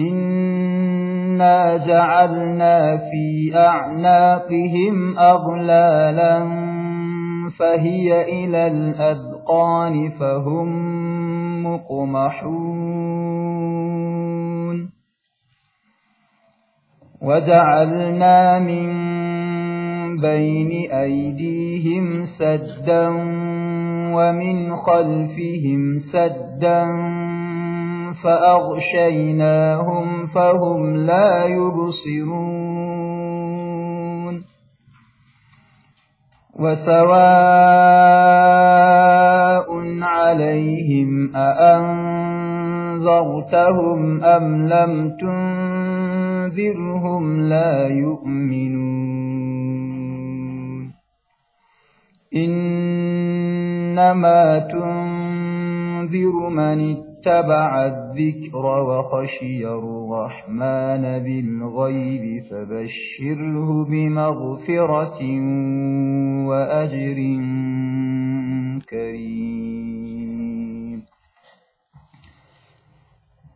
إنا جعلنا في أعناقهم أغلالا فهي إلى الأذقان فهم مقمحون وجعلنا من بين أيديهم سدا ومن خلفهم سدا فأغشيناهم فهم لا يبصرون وسواء عليهم أأنذرتهم أم لم تنذرهم لا يؤمنون إنما تنذر من اتقى اتبع الذكر وخشي الرحمن بالغيب فبشره بمغفرة وأجر كريم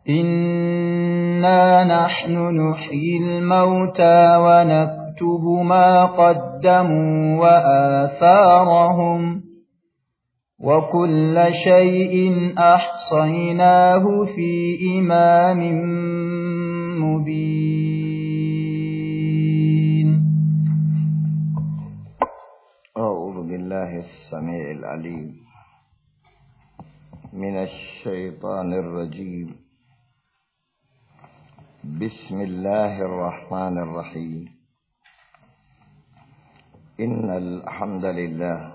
إنا نحن نحيي الموتى ونكتب ما قدموا وآثارهم وكل شيء أحصيناه في إمام مبين أعوذ بالله السميع العليم من الشيطان الرجيم بسم الله الرحمن الرحيم إن الحمد لله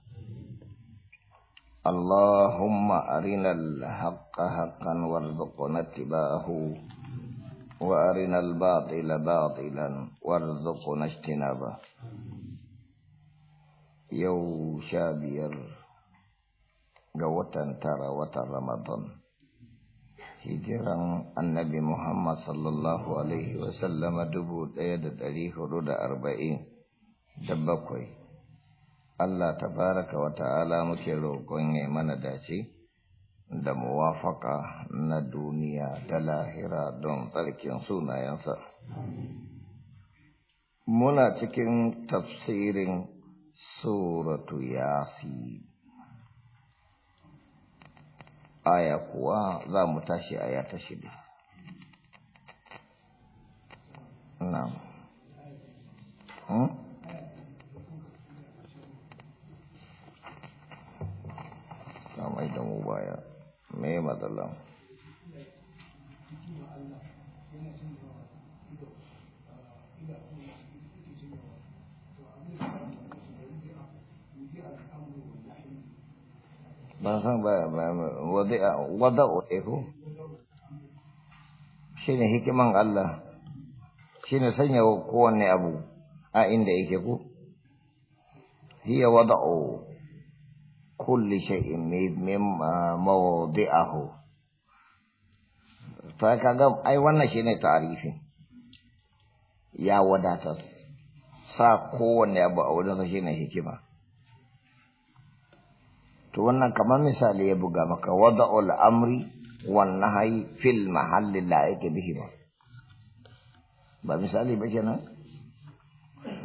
Allahumma arinal haqqa haqqan اللهم أرنا الحق حقا وارزقنا اتباعه وأرنا الباطل باطلا وارزقنا اجتنابه يو شابير قوة ترى رمضان hijiran annabi Muhammad sallallahu Alaihi wasallam dubu ɗaya da ɗari hudu da arba'in da bakwai Allah tabaraka wa ta'ala muke roƙon ya mana dace da muwafaka na duniya da lahira don tsarkin sunayensa. Muna cikin tafsirin suratu yasi. Aya kuwa za mu tashi aya ta shida. Na'am. Hmm? na mai da mu baya me matsala ban san ba wada'u eko shi ne hikiman Allah shi ne sanya kowanne abu a inda yake ku hiya wada'u shay'in min mawdi'ahu fa kaga ai wannan shine تعريفي ya wadata sa kowanne abu a wurin shi shine hikima to wannan kamar misali ya buga maka wada'ul amri wan nahyi fil mahalli la'iq bihi ba misali ba kenan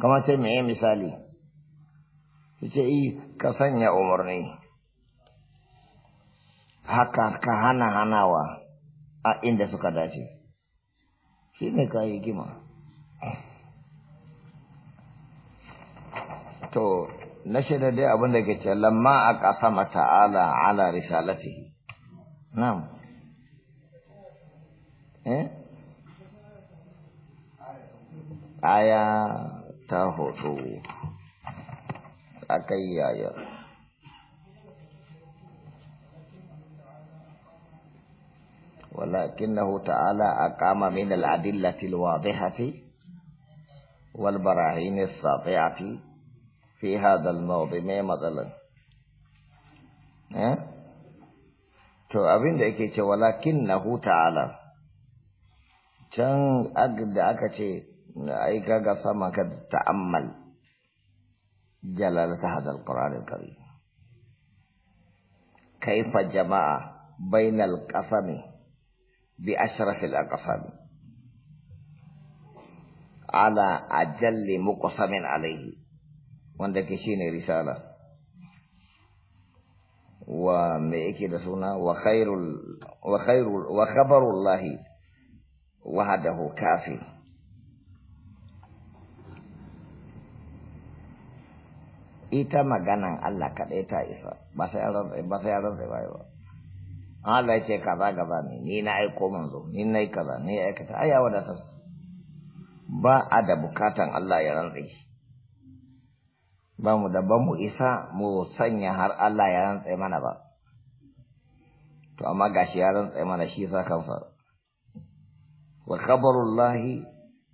kamar sai me misali yace eh ka sanya umarni haka ka hana hanawa a ah, inda suka dace shi ne ka yi gima to na shida dai abin da ke ce lamma a ƙasama ta'ala ala risalati na'am eh aya ta hoto. a kai yayar. Walakin na ta'ala a kama min al’adilla tilwa zai hafi, walbarahini sa zai hafi, fi haɗal maubi mai matsalin. Eh? To, abin da yake ce, walakin na ta'ala, can da aka ce, aika ga sama ka ta'ammal. جلالة هذا القرآن الكريم كيف جمع بين القسم بأشرف الأقسام على أجل مقسم عليه وندك شيني رسالة ومئكي لسونا وخير, وخير وخبر الله وحده كافي ita maganan Allah kaɗai ta isa ba sai ya rantsa ba ba Allah ya ce kaza gaba ne ni na aiko zo, ni na yi kaza ni ya aikata ai da wadatar ba a da bukatan Allah ya rantsa ba mu da ba mu isa mu sanya har Allah ya rantsa mana ba to amma gashi ya rantsa mana shi sa kansa wa khabarullahi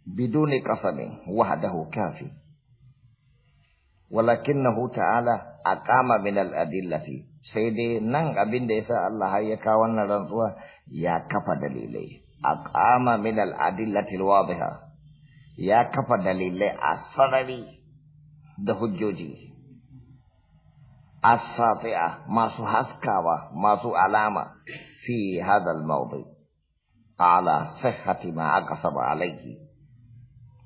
biduni qasamin wahdahu kafi ولكنه تعالى أقام من الأدلة سيدي نن نعم، أبين ديسا الله يكا ونرزوا يا كفا دليلي أقام من الأدلة الواضحة يا كفا دليلي أصرري دهجوجي الساطعة ما سحسكاوة ما سو في هذا الموضع على صحة ما أقصب عليه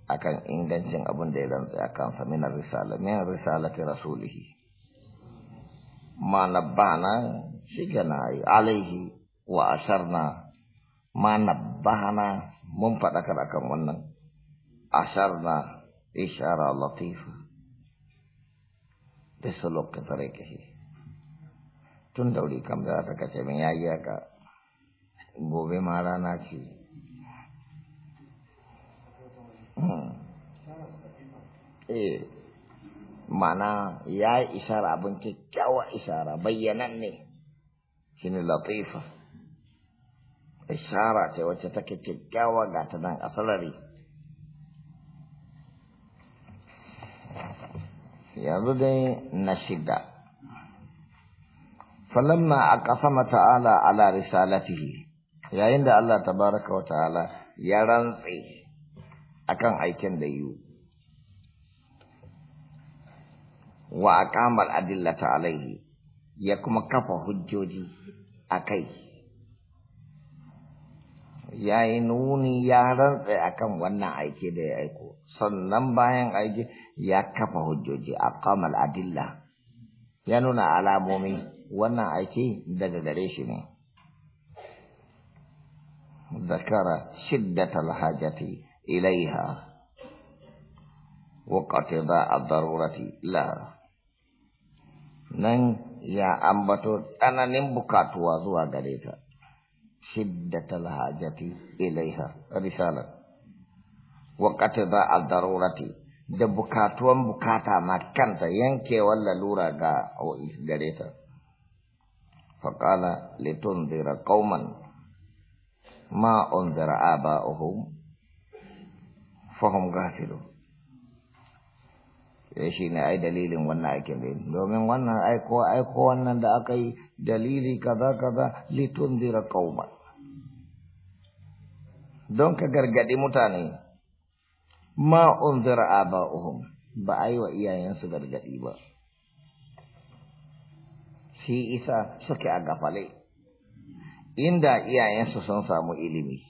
akan ingancin abin da ya rantsa a kansa minar risala min risalati rasulihi ma nabbana shi gana alaihi wa asharna ma nabbana mun faɗakar akan wannan asharna ishara latifa da sulukin tare kashi tun dauri wuri kam da ta kace min yayi aka, gobe ma rana ce Hmm. eh mana ya yi ishara abin kyakkyawa isara bayyanan ne shi ne latifa isara ce wacce take kyakkyawa ga ta nan asalari yanzu dai na shiga falamma a ƙasama ta'ala ala risalatihi yayin da Allah tabaraka wa ta'ala ya rantse akan aikin da yiwu wa aqamal adillata alaihi ya kuma kafa hujjoji a kai ya yi nuni ya rantse akan wannan aiki da ya aiko sannan bayan aiki ya kafa hujjoji a kamal adilla ya nuna alamomi wannan aiki daga gare shi ne zakara shiddatal hajati إليها وقتضاء الضرورة لا nan يا ambato أنا bukatuwa zuwa gare شدة shiddatal إليها رسالة risala wa qatda da bukatuwan bukata ma kanta yankewar lalura ga gare ta litun litundira qauman ma unzira aba'uhum fahim gafilu ya eh, shi ne ai dalilin wannan aikin da domin wannan aiko aiko wannan da aka yi dalili kaza kaza litun dira kauma don ka gargadi mutane ma unzira aba'uhum ba a yi wa iyayensu gargadi ba shi isa suke a gafale inda iyayensu sun samu ilimi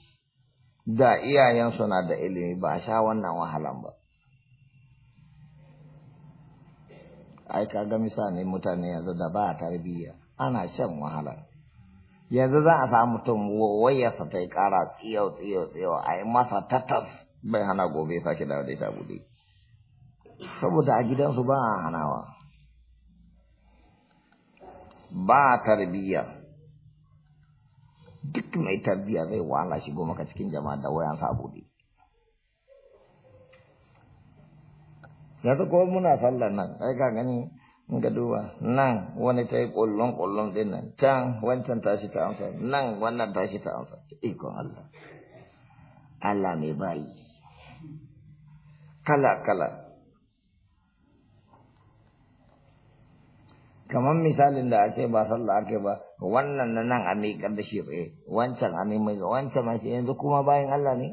da iyayensu na da ilimi ba sha wannan wahalan ba ai kaga misali mutane yanzu da ba tarbiyya ana shan wahala yanzu za a samu mutum wayarsa ta yi kara tsiyau tsiyau tsiyau a yi masa tatas bai hana gobe sake da da ta bude saboda a gidansu ba a hanawa ba tarbiyya duk mai tarbiya zai wahala shigo maka cikin jama'a da wayan sabudi yanzu ko muna sallar nan ai ka gani in ga duba nan wani ta yi ƙullon ƙullon din nan can wancan tashi ta amsa nan wannan tashi ta amsa ikon Allah Allah mai bayi kala kala kamar misalin da ake ba sallah ake ba wannan na nan a miƙar da shi tsaye eh, wancan a mai wancan ma shi yanzu kuma bayan Allah ne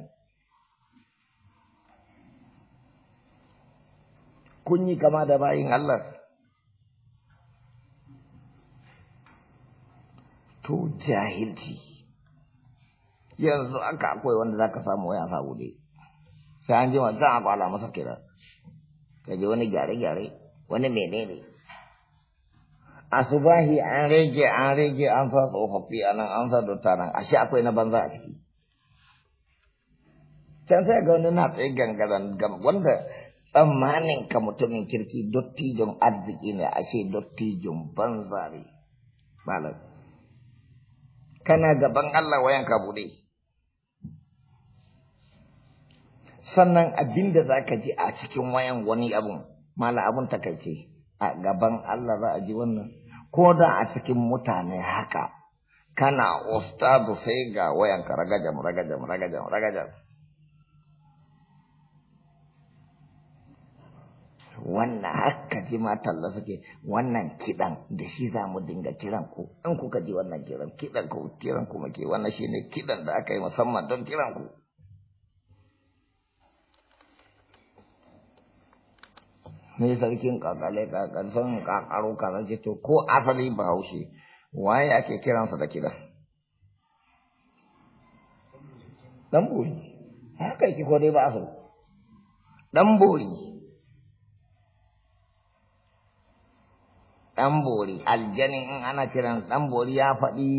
kun yi kama da bayin Allah to jahilci yanzu aka akwai wanda zaka samu waya sabu dai sai an ji wa za a kwala masa kira kaje wani gyare-gyare wani menene asubahi an rage an rage an sa tsofaffi a nan an sa dotta nan ashe akwai na banza a ciki can sai ga wani na tsaye gangaran wanda tsammanin ka mutumin kirki dottijon arziki ne dotti dottijon banza ne malam kana gaban Allah wayan ka sannan abinda zaka ji a cikin wayan wani abun mala abun takaice a gaban Allah za a ji wannan ko da a cikin mutane haka kana usta sai ga wayanka ragajam ragajam ragajam ragajam wannan haka ji ma talla suke wannan kidan da shi za mu dinga kiran ku in kuka ji wannan kiran kidan ku kiran ku muke wannan shine kidan da aka yi musamman don kiran ku ne sarkin kakale kakar son kakaro kaza ce to ko asali bahaushe waye ake kiransa da kira dan bori haka yake ko dai ba asali dan bori dan bori aljani in ana kiran dan bori ya faɗi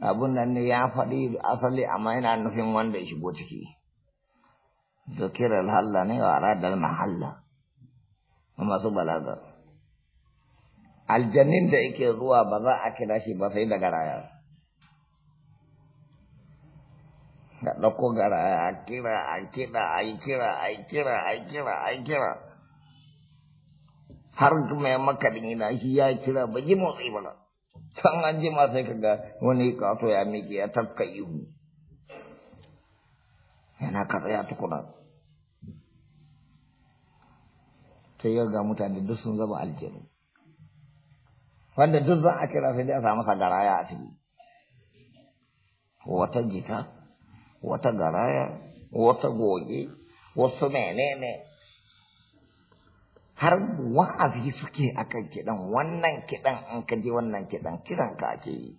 abun nan ne ya faɗi asali amma yana nufin wanda ya shigo ciki ذكر ne نيو أراد المحلة masu balaga aljannin da yake zuwa ba za a kira shi ba sai da garaya da ɗauko garaya a kira a kira a yi kira a yi kira a yi kira a yi kira har mai makarin ina shi ya kira ba ji motsi ba can an jima sai kaga wani kato ya miki ya tafka ihu yana katsaya tukuna ta yi ga mutane duk sun zama aljanu wanda duk za a kira sai dai a samu sa garaya a ciki wata jita wata garaya wata goge wasu menene har wa'azi suke a kan kiɗan wannan kiɗan an ka je wannan kiɗan kiran ka ake yi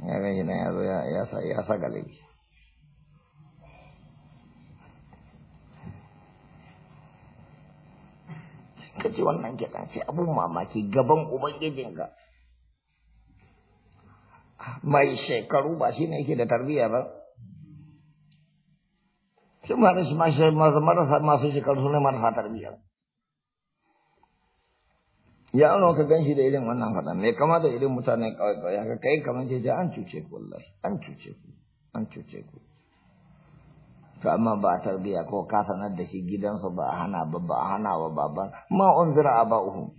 ya ya zo ya sa galibi ka ce wannan gyaɗa ce abun mamaki gaban ubangijin ubangijinka mai shekaru ba shi ne yake da tarbiyya ba shi ma ne shi marasa masu shekaru su ne marasa tarbiyya ya ana ka gan shi da irin wannan faɗa mai kama da irin mutane kawai kawai ya ka kai kamar ce an cuce ku wallahi an cuce ku an cuce ku to amma ba tarbiya ko ka sanar da shi gidansu ba hana ba ba hana wa baba ma ba uhu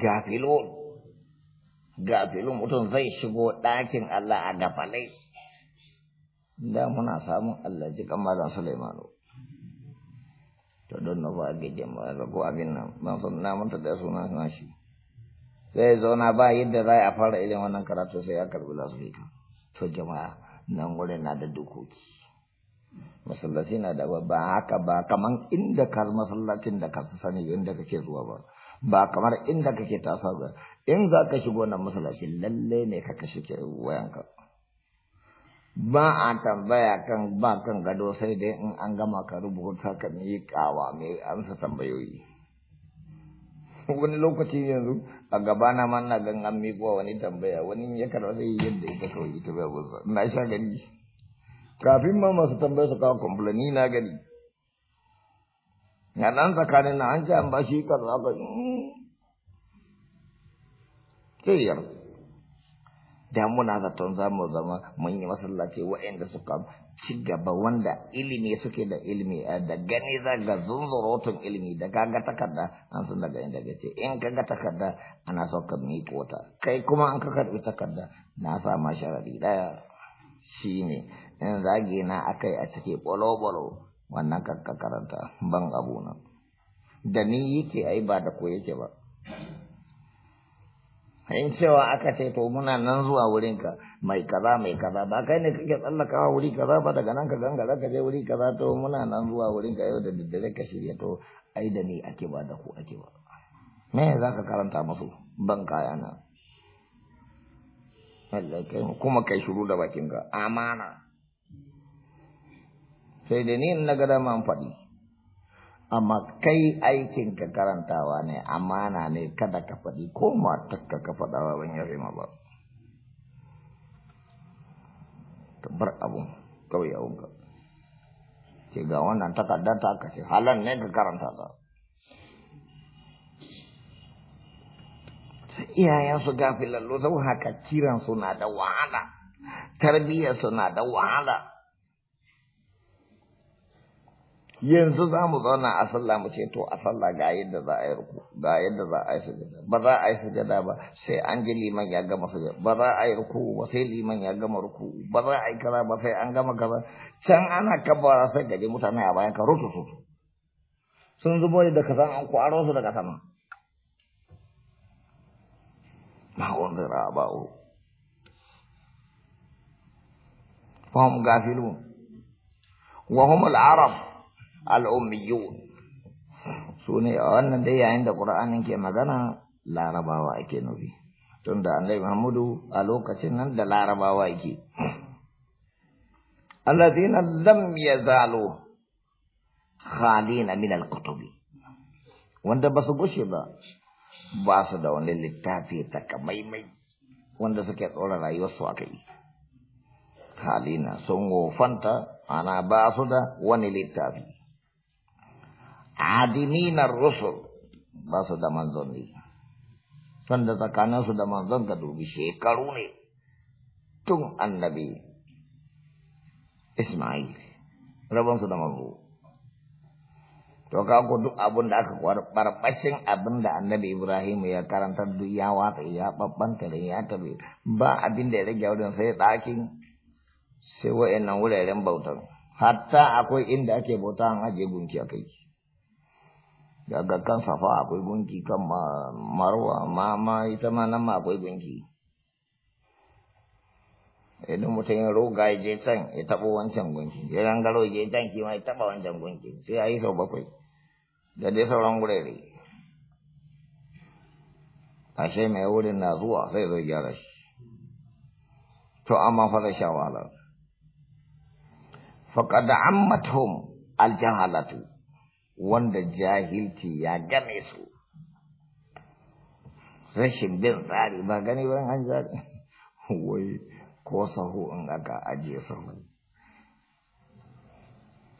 gafilun gafilun mutum zai shigo ɗakin Allah a gafalai da muna samun Allah ji da Sulaimanu to don na ba ga jama'a ko abin nan ban san na manta da suna suna shi sai zauna ba yadda za a fara irin wannan karatu sai ya karbi lasu to jama'a nan wurin na da dokoki masallaci na da ba haka ba kamar inda ka masallacin da ka sani inda kake zuwa ba ba kamar inda kake tasa ba in za ka shigo nan masallaci lalle ne ka kashe wayanka ba a tambaya kan ba kan gado sai dai in an gama ka rubuta ka kawa mai amsa tambayoyi wani lokaci yanzu a gabana ma na gan an miƙo wani tambaya wani ya karɓa zai yadda ita kawai ita bai gusa na sha gani kafin ma masu tambaya su kawo kumfulani na gani na ɗan tsakanin na an ce an ba shi karɓa ka hmm. sai yarda da muna zaton za mu zama mun yi masallaci waɗanda suka ci gaba wanda ilimi suke da ilimi eh, da gani za ga zunzurotun ilimi da kaga takarda an san daga inda ce in kaga takarda ana so ka miƙo ta kai kuma an ka karɓi takarda na sa ma sharadi ɗaya shine in zage na akai a cike bolo-bolo wannan kakka karanta ban abu nan da ni yake ai ba da ko yake ba in cewa aka ce to muna nan zuwa wurinka mai kaza mai kaza ba kai ne kake tsallakawa wuri kaza ba daga nan ka gangara ka je wuri kaza to muna nan zuwa wurinka yau da daddare ka shirya to ai da ni ake ba da ku ake ba me za ka karanta musu ban kaya na kuma kai shiru da bakinka amana sai da ni in na ga dama faɗi amma kai aikin ka karantawa ne amana ne kada ka faɗi ko matakka ka faɗawa ban ya ma ba ka bar abun kawai abun ka ke ga wannan takardar ta aka ce halan ne ka karanta ta gafi lallo zau haka kiran suna da wahala tarbiyyar suna da wahala yanzu za mu zauna a sallah mu ce to a sallah ga yadda za a yi ruku ga yadda za a yi sujada ba za a yi sujada ba sai an ji liman ya gama sujada ba za a yi ruku ba sai liman ya gama ruku ba za a yi kaza ba sai an gama kaza can ana kabbara sai gaji mutane a bayan ka rutu su sun zubo da kasan an kwaro su daga sama o fa fahim gafilun wa humul arab al ummiyun sune a wannan dai yayin da ƙura'anin ke magana larabawa ke nufi tun da annabi muhammadu a lokacin nan da larabawa yake alladhina lam yazalu khalina min al kutub wanda ba su gushe ba ba su da wani littafi takamaimai wanda suke tsora rayuwarsu a kai halina sun wofanta ana ba su da wani littafi adimina rusul bahasa damanzon ini sanda kana sudah manzon kadu bisi karuni tung an nabi Ismail rabang sudah mampu Toka aku duk abun aku kuar para pasing abun An Nabi Ibrahim ya karan tadu ya ya papan kali ya tapi ba abin dari jauh dan saya taking sewa enang ulai lembau tang hatta aku indah ke botang aje bunki akai daga kan safa akwai gunki kan marwa ma ma ita ma nan ma akwai gunki idan mutum ya roga ya je can ya taɓa wancan gunki ya gangaro ya je can shi ya taɓa wancan gunki sai a yi sau bakwai da dai sauran gurare ashe mai wurin na zuwa sai zai gyara shi to amma fa da shawala faqad ammathum aljahalatu wanda jahilci ya game su rashin bin tsari ba gani ban an zaɓi wai ko sahu in aka ajiye sahu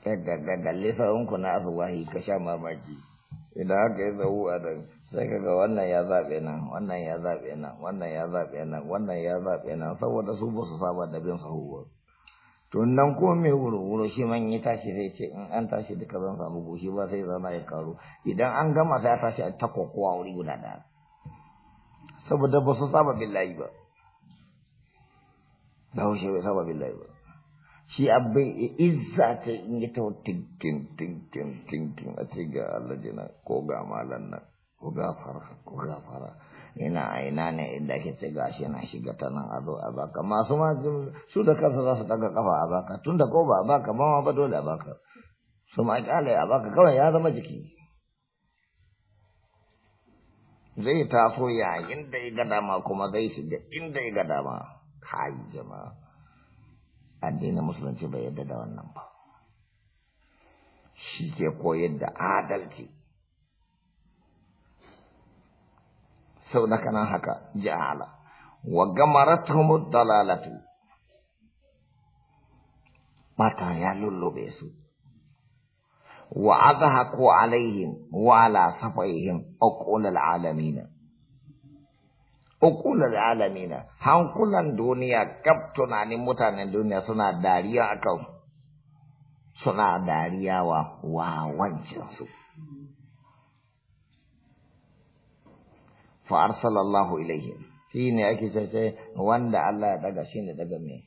daga eh, galle sahunku na asubahi ka sha mamaki idan haka yi sahu a nan sai kaga wannan ya zaɓe nan wannan ya zaɓe nan wannan ya zaɓe nan wannan ya zaɓe nan saboda su ba su saba da bin sahu ba nan ko me wuro-wuro shi man yi tashi zai ce in an tashi duka ban samu goshi ba sai zama ya karu idan an gama sai tashi a ta kokowa wuri guda da saboda ba su saba billahi ba ba hushe bai saba billahi ba shi abbe izza ce in yi ta tinkin tinkin tinkin a ce ga Allah ko ga malan nan ko ga fara ko ga fara ina a ina ne inda ake ce gashi yana shiga ta nan a zo a baka masu ma su da kansa za su daga kafa a baka tun da ko ba a baka ba ma ba dole a baka su ma kyale a baka kawai ya zama jiki zai taso yayin da ya ga dama kuma zai shiga inda ya ga dama kai jama'a addinin musulunci bai yadda da wannan ba shi ke koyar da adalci saboda kana haka jahala wa dalalatu mata ya lullube su wa azhaqu alaihim wa ala safaihim aqul alamin uqul alamin hankulan duniya kaf tunanin mutanen duniya suna dariya akan suna dariya wa wancan su فارسل الله اليهم في ني اكي سي سي وان ده الله دغا شينه دغا مي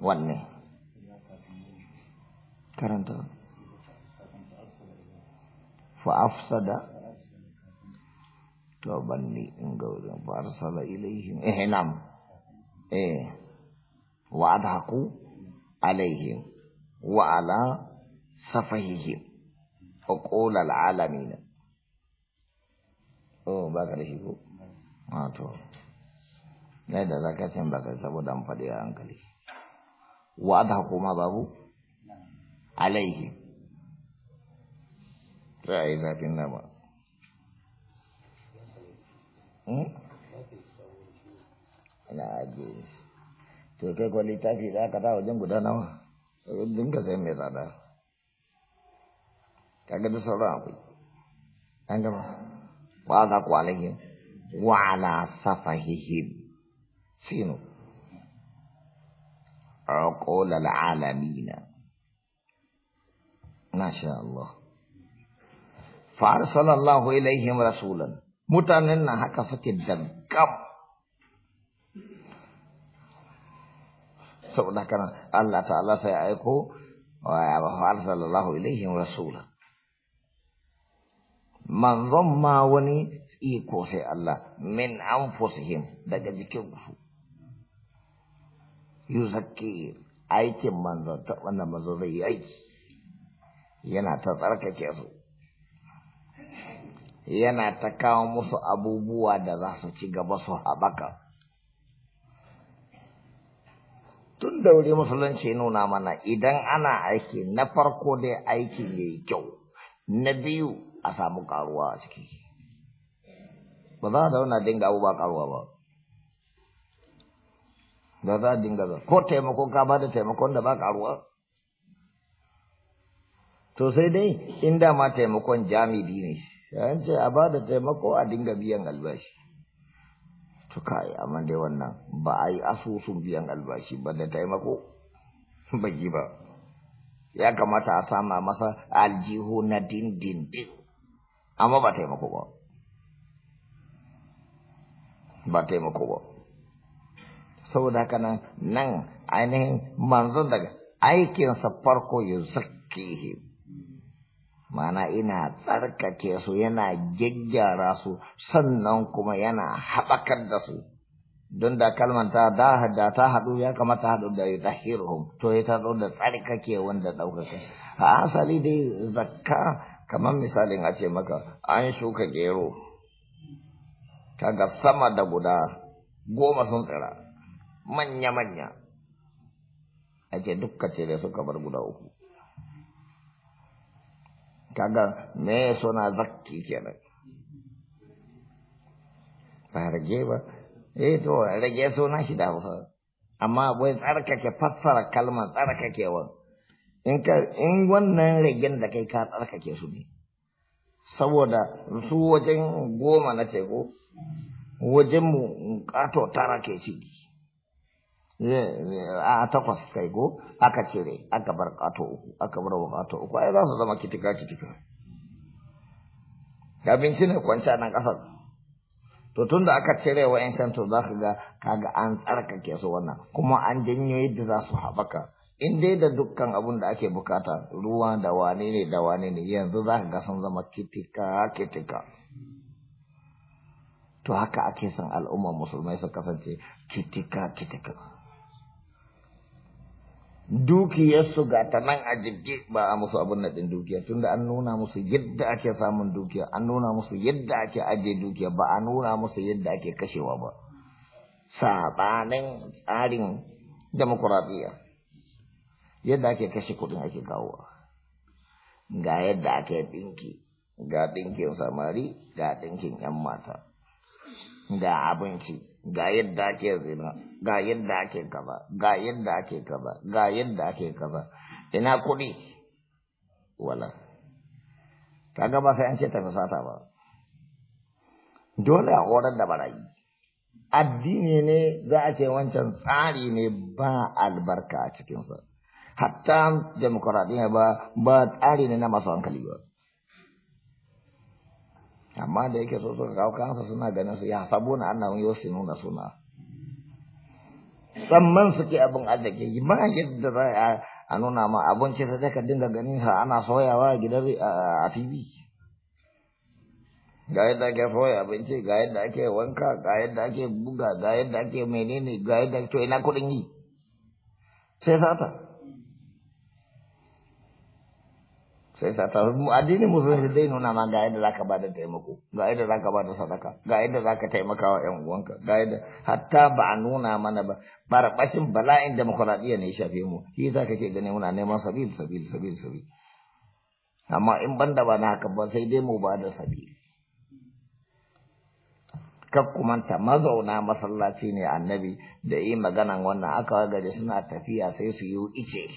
وان كرنت فافسد توبن لي انغو فارسل اليهم ايه نعم ايه وعدهكو عليهم وعلى صفهيهم وقول العالمين oh ba ka da shi ko wato na da za ka can baka saboda an faɗi a hankali wa da ma babu alaihi za a yi zafin nama na ajiye to kai kwa littafi za ka ta wajen guda nawa dinka sai mai tsada kaga da sauran akwai an gama وأذهب عليهم وعلى صفههم سينو عقول العالمين ما شاء الله فأرسل الله إليهم رسولا متنن هكفة فتدم كم saboda haka Allah ta'ala sai aiko wa arsalallahu manzon ma wani iko sai Allah min anfusihim daga jikin ku yuzakki aikin manzon ta wannan manzo zai yi aiki yana ta tsarkake su yana ta kawo musu abubuwa da za su ci gaba su habaka tun da wuri musulunci nuna mana idan ana aiki na farko dai aiki ne kyau na biyu a samu karuwa a ciki ba za a zauna dinga abubuwa karuwa ba ba za a dinga ba ko taimako ka ba da taimakon da ba karuwa to sai dai in ma taimakon jami'i ne yayin ce a ba da taimako a dinga biyan albashi to kai amma dai wannan ba a yi asusun biyan albashi ba da taimako bagi ba ya kamata a sama masa aljihu na dindindin amma ba taimako ba ba taimako ba saboda haka nan ainihin manzon daga aikinsa farko ya zakkihi mana ina tsarkake su yana gyaggyara su sannan kuma yana haɓakar da su don da kalmar ta da ta haɗu ya kamata haɗu da ya tahiruhum to ya tazo da tsarkake wanda ɗaukaka a asali dai zakka kamar misalin a ce maka an shuka gero kaga sama da guda goma sun tsira manya-manya a ce dukka cire da suka bar guda uku kaga me suna zakki kenan ba rage ba eh to rage suna shi da amma wai tsarkake fassara kalmar tsarkakewa in ka in wannan rigin da kai ka tsarkake su ne saboda su wajen goma na ce ko wajen mu kato tara ke ci a takwas kai go aka cire aka bar kato uku aka bar wa kato uku ai za su zama kitika kitika binci ne kwanciya nan kasar to tun da aka cire wa 'yan to za ka ga kaga an tsarkake su wannan kuma an janyo yadda za su haɓaka in dai da dukkan abun da ake bukata ruwa da wane ne da wane ne yanzu za ka ga sun zama kitika kitika to haka ake san al'umma musulmai su kasance kitika kitika dukiyarsu ga ta nan a jirgi ba a musu abin ɗin dukiya tunda an nuna musu yadda ake samun dukiya an nuna musu yadda ake ajiye dukiya ba a nuna musu yadda ake kashewa ba saɓanin tsarin demokuraɗiyya yadda ake kashe kuɗin ake kawo ga yadda ake dinki, ga dinkin samari ga dinkin 'yan mata ga abinci ga yadda ake zina ga yadda ake kaza ga yadda ake kaza ga yadda ake kaza ina kuɗi wala kaga ba sai an ce ta sata ba dole a horar da barayi addini ne za a ce wancan tsari ne ba albarka a cikinsa hatta demokradiyya ba ba tsari ne na masu hankali ba amma da yake so suka kawo kansa suna ganin su ya sabo na annahun yosi nuna suna tsamman suke abin arziki ba yadda za a nuna ma abinci ta ka dinga ganin sa ana soyawa a gidan a tv ga yadda ake soya abinci ga yadda ake wanka ga yadda ake buga ga yadda ake menene ga yadda to ina kudin yi sai sata sai sa ta ni musuh sedih nuna ma ga yadda zaka bada taimako ga yadda zaka bada sadaka ga yadda zaka taimaka wa ƴan uwanka ga yadda hatta ba a nuna mana ba barbashin bala'in demokradiyya ne ya shafe mu shi yasa kake gani muna neman sabil sabil sabil sabil amma in dah bana kepada haka ba sai dai mu bada sabil Kau mazauna masallaci ne annabi da yi maganan wannan aka gari suna tafiya sai su yi ice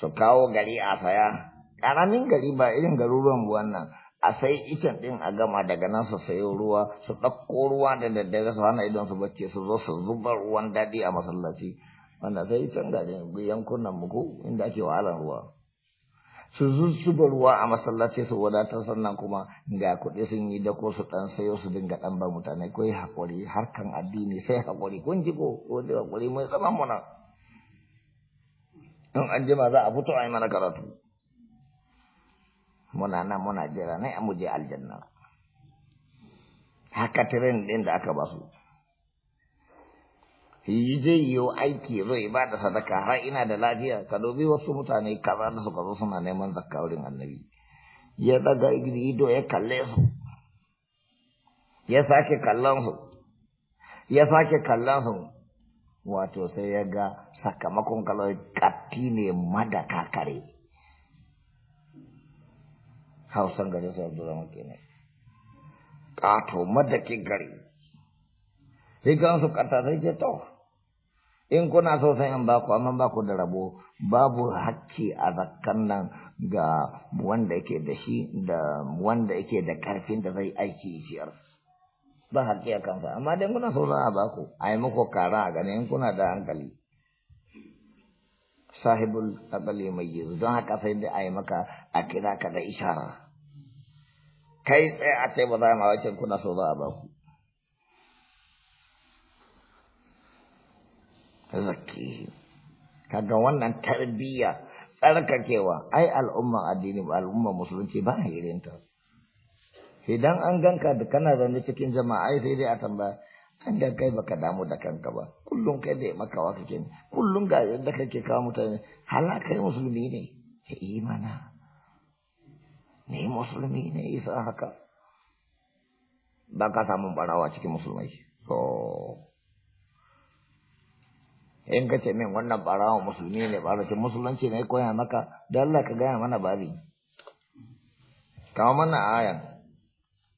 su kawo gari a saya ƙaramin gari ba irin garuruwan wannan a sai icen ɗin a gama daga nan su sayo ruwa su ɗauko ruwa da daddare su hana idon su bacci su zo su zuba ruwan daɗi a masallaci wanda sai can ne, yankunan mu ko inda ake wahalar ruwa su zuba ruwa a masallaci su wadatar sannan kuma ga kuɗi sun yi dako su ɗan sayo su dinga ɗan ba mutane ko yi haƙuri harkan addini sai haƙuri kun ji ko wani haƙuri mai zaman mu nan in an jima za a fito a yi mana karatu muna nan muna jira ne a je aljanna haka tirin din da aka ba su yi zai yi aiki zai ba da sadaka har ina da lafiya ka dobi wasu mutane kaza da suka zo suna neman zakka wurin annabi ya daga ido ya kalle su ya sake kallon su ya sake kallon su wato sai ya ga sakamakon kaloi katti ne madaka kare hausan garin sa abdurrahman kenan kato madaki gari sai ga wasu karta sai ce to in kuna so sai an baku amma baku da rabo babu hakki a zakkan nan ga wanda yake da shi da wanda yake da karfin da zai aiki ciyar ba hakki a kansa amma dan kuna so za a baku a yi muku kara a in kuna da hankali sahibul abali mai yi don haka sai da a yi maka a kira ka da ishara kai tsaye a ce ba za ma wacce kuna so za a ba ku zaki kaga wannan tarbiyya tsarkakewa ai al'umma addini al'umma musulunci ba a idan an ganka da kana zaune cikin jama'a sai dai a tambaya da kai baka damu da kanka ba kullum kai da makawa kake kullum ga yadda kake kawo mutane hala kai musulmi ne ta imana ne musulmi ne isa haka ba ka samun barawa cikin musulmai to in ka ce min wannan barawa musulmi ne ba cikin musulunci ne koya maka da Allah ka gaya mana babi kawo mana ayan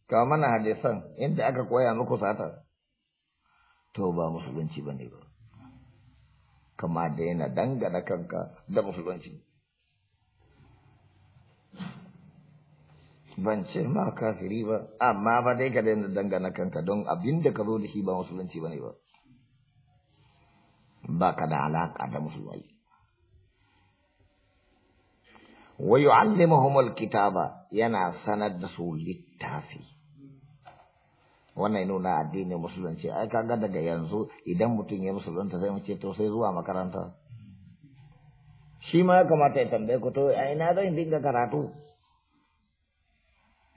kawo mana hadisan inda aka koya muku satar to ba musulunci ba ne ba kama da yana dangana kanka da musulunci ban ce ma kafiri ba amma ba dai ka daina dangana kanka don abin da ka zo da shi ba musulunci ba ne ba ba ka da alaƙa da musulunci wa yu'allimuhumul kitaba yana sanar da su littafi wannan nuna addinin musulunci ai kaga daga yanzu idan mutum ya musulunta sai mu ce to sai zuwa makaranta shi ma ya kamata ya tambaye ku to a ina zan dinga karatu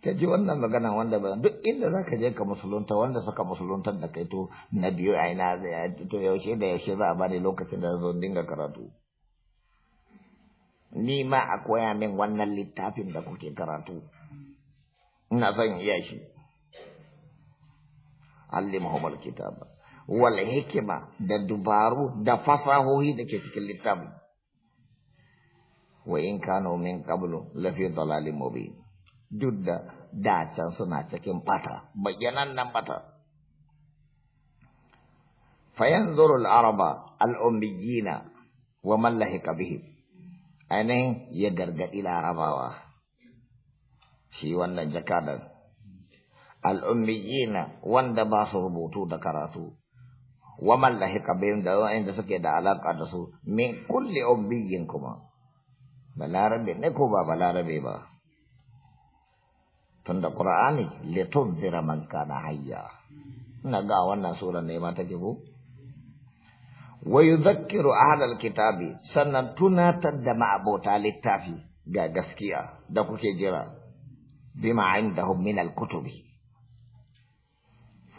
ta ji wannan magana wanda ba duk inda za ka je ka musulunta wanda suka musulunta da kai to na biyu a ina to yaushe da yaushe za a bani lokacin da zo dinga karatu ni ma a koya min wannan littafin da kuke karatu ina son iya shi علمهم الكتاب والحكمة ده دبارو ده هي ده كتك الكتاب وإن كانوا من قبل لفي ضلال مبين جد دا سنة سكين باتا بجنان نبتا فينظر العرب الأميين ومن لحق بهم أنه ya إلى عرباوه شيوان wannan al'ummiyina wanda ba su rubutu da karatu wa mallahika bihim da wa'inda suke da alaka da su min kulli ummiyin kuma balarabe ne ko ba balarabe ba tunda qur'ani litunzira man kana hayya ina ga wannan sura ne ma take ko wa yudhakkiru ahlal kitabi sannan tunatar da ma'abota littafi ga gaskiya da kuke jira bima indahum min al-kutubi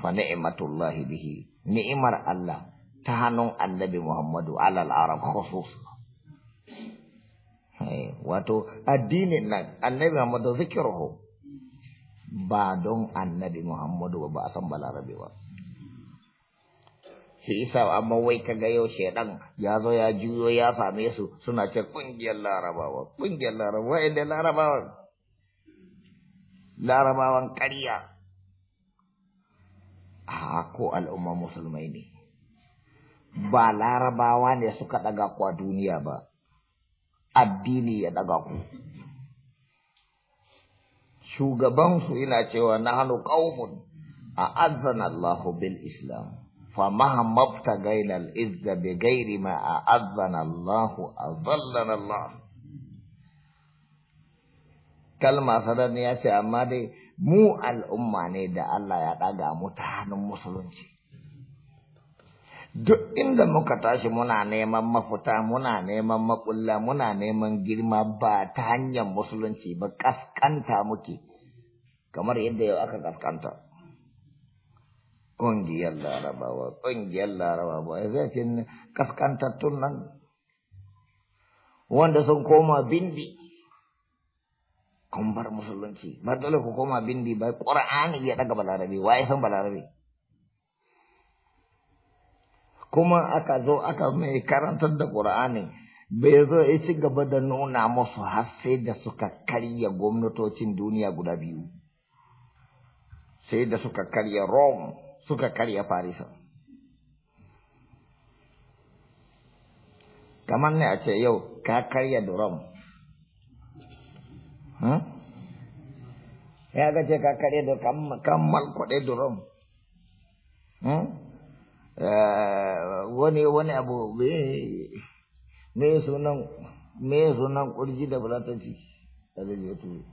fa ni'matullahi bihi ni'imar Allah ta hannun annabi Muhammadu alal arab khusus eh, wato addinin nan annabi Muhammadu zikruhu ba don annabi Muhammadu ba ba san balarabe ba shi isa amma wai kaga yau shedan ya zo ya juyo ya same su suna ce kungiyar larabawa kungiyar larabawa inda larabawa larabawan kariya. a ko al'umma musulmai ne ba larabawa ne suka ɗaga ku a duniya ba addini ya ɗaga ku shugabansu yana cewa na hannu ƙaumun a azan Allahu bil Islam bi gairi ma a azan allahu a zallan الله kalma sanar ne ya ce amma dai mu al'umma ne da Allah ya ɗaga mu ta hannun musulunci. Duk inda muka tashi muna neman mafuta, muna neman makulla, muna neman girma ba ta hanyar musulunci ba kaskanta muke, kamar yadda yau aka kaskanta. Ƙungiyar larabawa, ƙungiyar larabawa, ya zai kaskantattun nan, wanda sun koma bindi. kun bar musulunci bar dole ku koma bindi bai qur'ani ya daga Balarabi. waye san balarabe kuma aka zo aka mai karantar da qur'ani bai zo ya ci gaba da nuna musu har sai da suka karya gwamnatocin duniya guda biyu sai da suka karya Rome suka karya Farisa kamar ne a ce yau ka karya da Rome Hmm? ya ga ce ka kare da kammal kwaɗe durom wani wani abu me sunan ƙurji da bulatanci da zai yi turu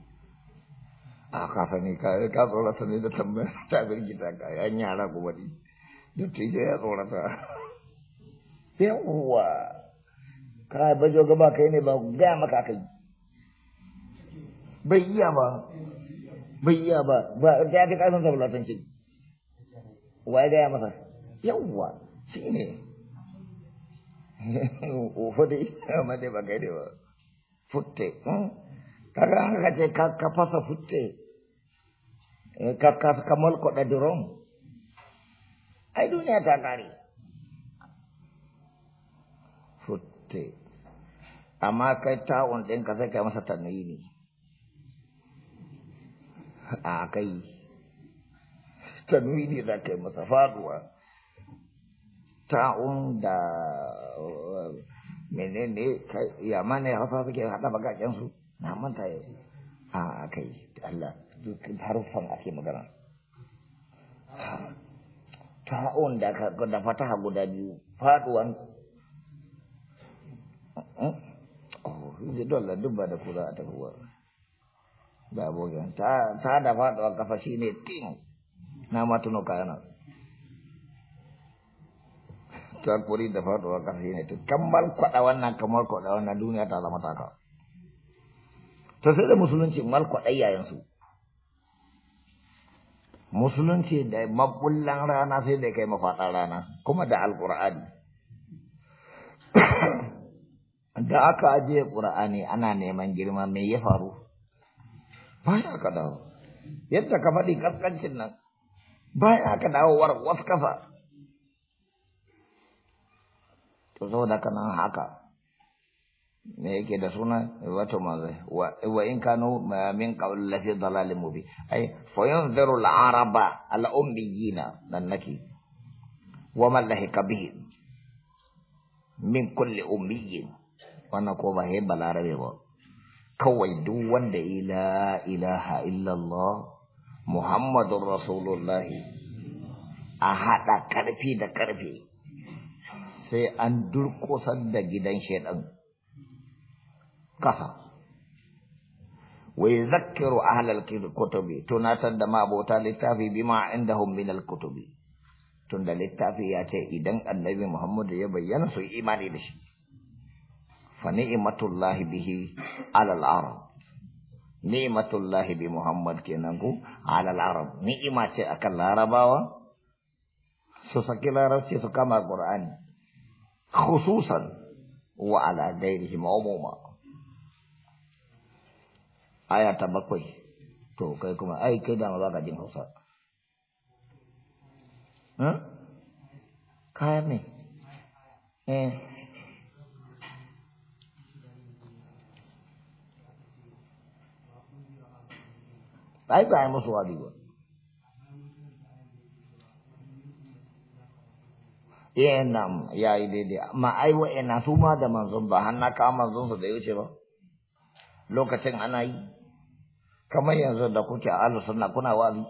a kasa ne ka ka tsorata ne da tambayar ta birgita ka yan yara kuma ne da tije ya tsorata yan uwa ka bajo gaba kai ne ba gaya maka kai bai iya ba bai iya ba ba da ta kasan sa bulatanci wai ga ya masa yawwa shi ne ko dai amma dai ba da ba futte hmm? kaga haka ce ka ka fasa futte eh, ka ka kamal ko da drum ai duniya ta kare futte amma kai wanda ɗin ka sai ka masa ne a kai tanwini za ka yi masa faduwa ta'un da menene ya mana ya hasa suke haɗa bagajensu na manta ya su a kai Allah harufan ake magana ta'un da ka da fataha guda biyu faduwan Oh, dole duk ba da kula a tafiya da abokin ta ta da faɗuwa kafa shine tin na matuno kayana ta kuri da faɗuwa kafa shine tin kamar kwaɗa wannan kamar kwaɗa wannan duniya ta zama taka ta sai da musulunci mal kwaɗayya yansu musulunci da mabullan rana sai da kai mafaɗa rana kuma da alqur'ani da aka ajiye qur'ani ana neman girma me ya faru baya ka dawo yadda ka faɗi kaskancin nan baya ka dawowar wasu kasa to saboda haka nan haka me yake da suna wato maza wa in kanu min qawl la fi dalalin mubin ay fa yanziru al araba al ummiyina nan nake wa man lahika bihi min kulli ummiyin wannan ko ba he balarabe ba kawai duk wanda ila ilaha illallah Muhammadun Rasulullah a haɗa ƙarfi da ƙarfi sai an durƙusar da gidan shaidan ƙasa. Wai zakkiru ahlal kutubi tunatar da mabota littafi bima indahum min al-kutubi tunda littafi ya ce idan annabi muhammadu ya bayyana su imani da shi fa ni'matullahi bihi 'alal arab ni'matullahi bi muhammad kenangu 'alal arab ni'mat si akan larabawa so saki arab si suka ma qur'an khususan wa 'ala ta bakwai to kai kuma ai kai da ka jin hausa eh ai ba musu ba eh nam ya daidai ma ai wa'ina su da manzon ba har na kawo manzon su da yaushe ba lokacin ana yi kamar yanzu da kuke alu sunna kuna wali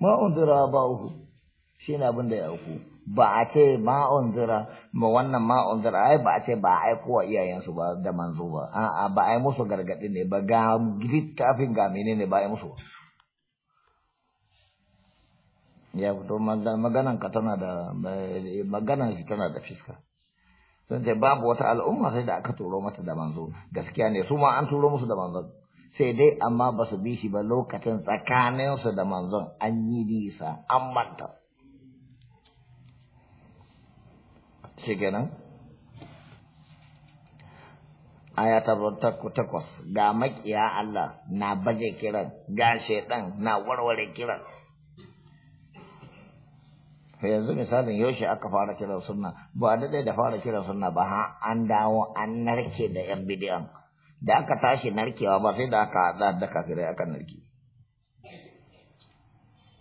ma undira ba uku shine abin da ya auku ba a ce ma zira ma wannan ma zira ai ba a ce ba a aiko wa iyayensu ba da manzo ba a'a ba a yi musu gargadi ne ba ga littafin ga menene ba a yi musu ya fito maganan ka tana da maganan shi tana da fiska sun ce babu wata al'umma sai da aka turo mata da manzo gaskiya ne su ma an turo musu da manzo sai dai amma ba su bi shi ba lokacin tsakaninsu da manzon an yi nisa an manta ayata aya ta takwas ga makiya Allah na baje kiran ga shaidan na warware kiran yanzu misalin yaushe aka fara kiran sunna ba daɗe da fara kiran sunna ba ha an dawo an narke da yan bidiyan da aka tashi narkewa ba sai da aka haɗa da kafirai aka narke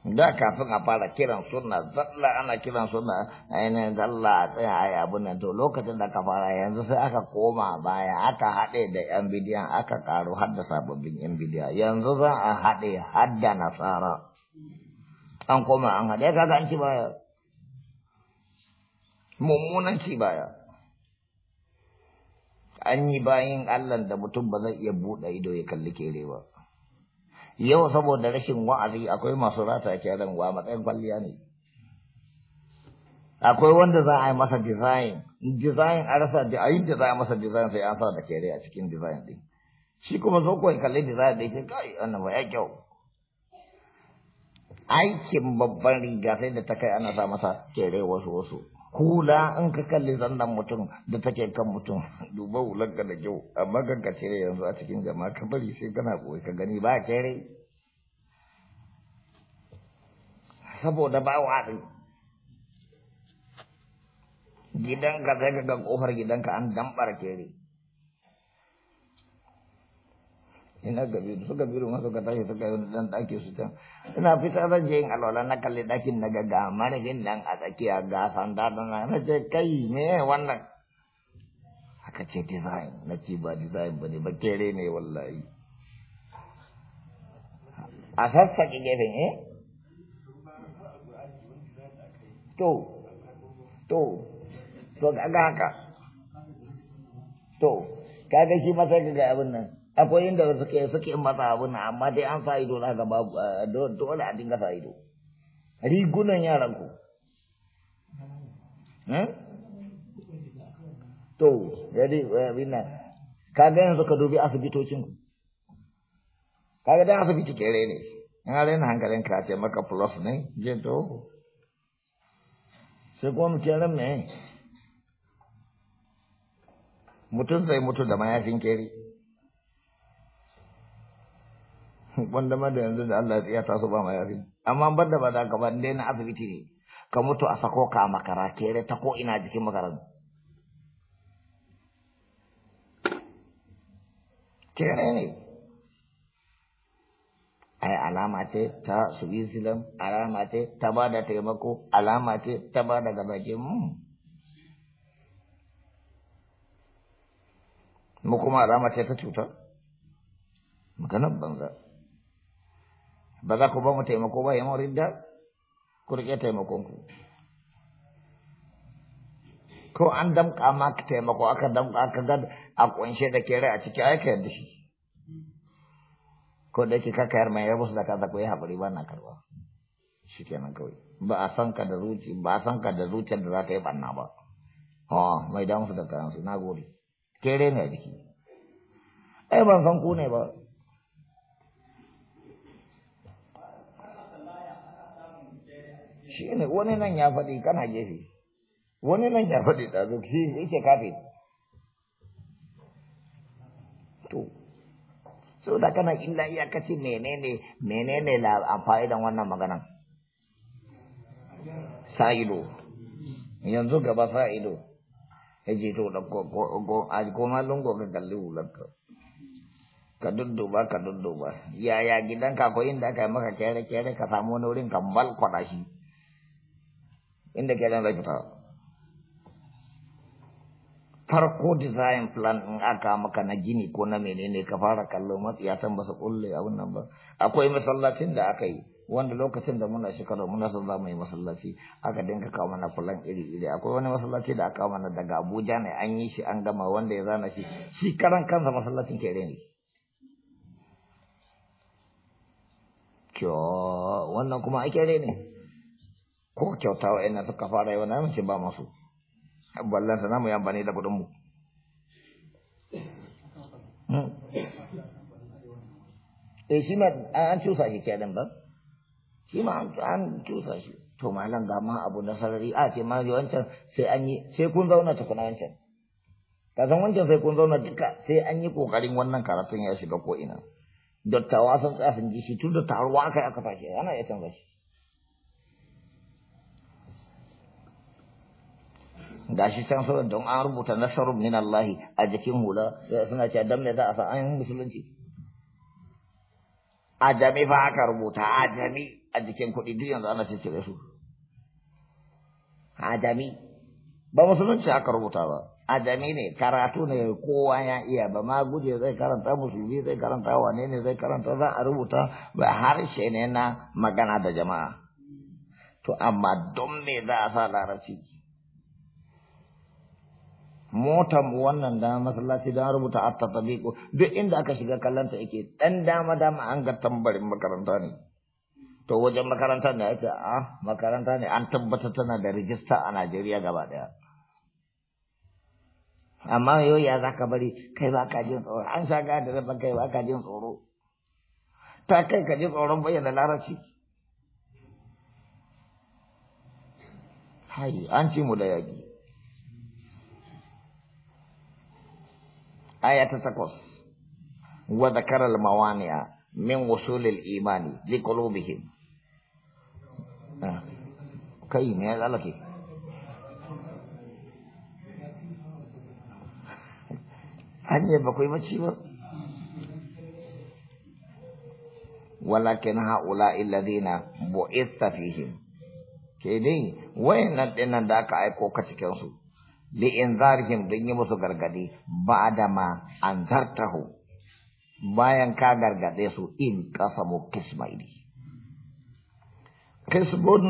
da kafin a fara kiran suna zalla ana kiran suna ainihin zalla a tsaye a yabu abin nan to lokacin da aka fara yanzu sai aka koma baya aka haɗe da yan bidiyan aka karu har da sababbin yan bidiya yanzu za a haɗe har da nasara an koma an haɗe kaga an ci baya mummunan ci baya an yi bayin allah da mutum ba zai iya buɗe ido ya kalli kere ba yau saboda rashin wa'azi akwai masu rata ke ranwa matsayin kwalliya ne akwai wanda za a yi masa design design a rasa da ayin da za a masa design sai an sa da kere a cikin design din shi kuma zo kawai kalli design da yake kai wannan ba ya kyau aikin babban riga sai da ta kai ana sa masa kere wasu wasu hula in ka kalli zannan mutum da take kan mutum duba hulanka da kyau amma kan ka cire yanzu a cikin jama'a ka bari sai kana koyi ka gani ba cire saboda ba waɗi gidanka sai ka ga kofar gidanka an dambar cire ina gabi su gabi ma ka tashi ka yi dan daki su ta ina fita zan je yin alwala na kalli dakin na ga marigin nan a tsakiya ga san da na na ce kai me wannan aka ce design na ce ba design ba ne ba kere ne wallahi a sassaƙi gefen eh to to to ga haka to kaga shi masa ga abin nan akwai inda suke suke masa abun amma dai an sa ido na gaba dole a dinga sa ido rigunan yaran ku to gadi ka ga yanzu ka dubi asibitocin ku ga dan asibiti kere ne in har yana hankalin ka ce maka plus ne je to sai kuma mutum ran me mutum zai mutu da mayafin kere wanda ma da yanzu da Allah ya ta su ba ma yafi amma da ba da gaba dai na asibiti ne ka mutu a sako ka makara kere ta ko ina jikin makaran kere ne ai alama ce ta Switzerland alama ce ta ba da taimako alama ce ta ba da gabake mu hmm. mu kuma alama ce ta cuta maganar banza ba za ku ba mu taimako ba yamma ridda ku rike taimakon ku ko an damƙa ma taimako aka damƙa aka ga a kunshe da rai a ciki a yake yadda shi ko da yake yar mai su da ka ku yi haƙuri ba na karɓa shi kenan kawai ba a san ka da zuci ba a san ka da zuciyar da za ta yi banna ba ha mai damu da karansu na gode kere ne a jiki ai ban san ku ne ba shi ne wani nan ya faɗi kana gefe wani nan ya faɗi zo shi yake kafin to so da kana illa kace menene menene la amfani da wannan magana sa'ido yanzu gaba sa'ido yaje to da ko ko a ko ma lungo ga kalli ulanka ka dudduba ka dudduba yaya gidanka ko inda kai maka kere kere ka samu wani wurin kan balkwada shi inda gyaran zai fita farko design plan in aka maka na gini ko na menene ka fara kallo matsiyatan ba su kulle abin nan ba akwai masallacin da aka yi wanda lokacin da muna shekaru muna son za mu yi masallaci aka dinka kawo mana fulan iri iri akwai wani masallaci da aka mana daga Abuja ne an yi shi an gama wanda ya zana shi shi karan kansa masallacin kere ne wannan kuma a kere ko kyauta wa ina suka fara yau na mace ba masu ballan sana namu ya bani da mu eh shi ma an cusa shi kenan ba shi ma an cusa shi to malam ga ma abu na sarari a ce ma wancan sai an yi sai kun zauna ta kuna wancan ka san wancan sai kun zauna duka sai an yi kokarin wannan karatun ya shiga ko ina dattawa sun tsaya sun ji shi tun da taruwa aka aka tashi ana iya canza shi gashi can so don an rubuta nasaru min Allah a jikin hula suna cewa dan me za a sa an musulunci ajami fa aka rubuta ajami a jikin kuɗi duk yanzu ana cire su ajami ba musulunci aka rubuta ba ajami ne karatu ne kowa ya iya ba ma guje zai karanta musulmi zai karanta wane ne zai karanta za a rubuta ba harshe ne na magana da jama'a to amma don me za a sa larabci motar wannan da masallaci da rubuta a tatabiku duk inda aka shiga kallanta yake dan dama dama an ga tambarin makaranta ne to wajen makaranta ne ake a ah, makaranta ne an tabbatar tana da rijista a Najeriya gaba daya amma yau ya zaka bari kai ba ka jin tsoro an shaga da rabban kai ba ka jin tsoro ta kai ka ji tsoron bayyana larabci hai an ci mu da yaki. aya ta takwas wa zakara almawani'a min wusulil imani li qulubihim kai ne ya lalake hanya ba kai bacci ba walakin haula alladhina bu'itha fihim kai ne wayannan dinnan da aka aiko ka cikin su li'inzarihim don yi musu gargadi ba da ma an zartahu bayan ka gargade su in kasamu kismaili kisbun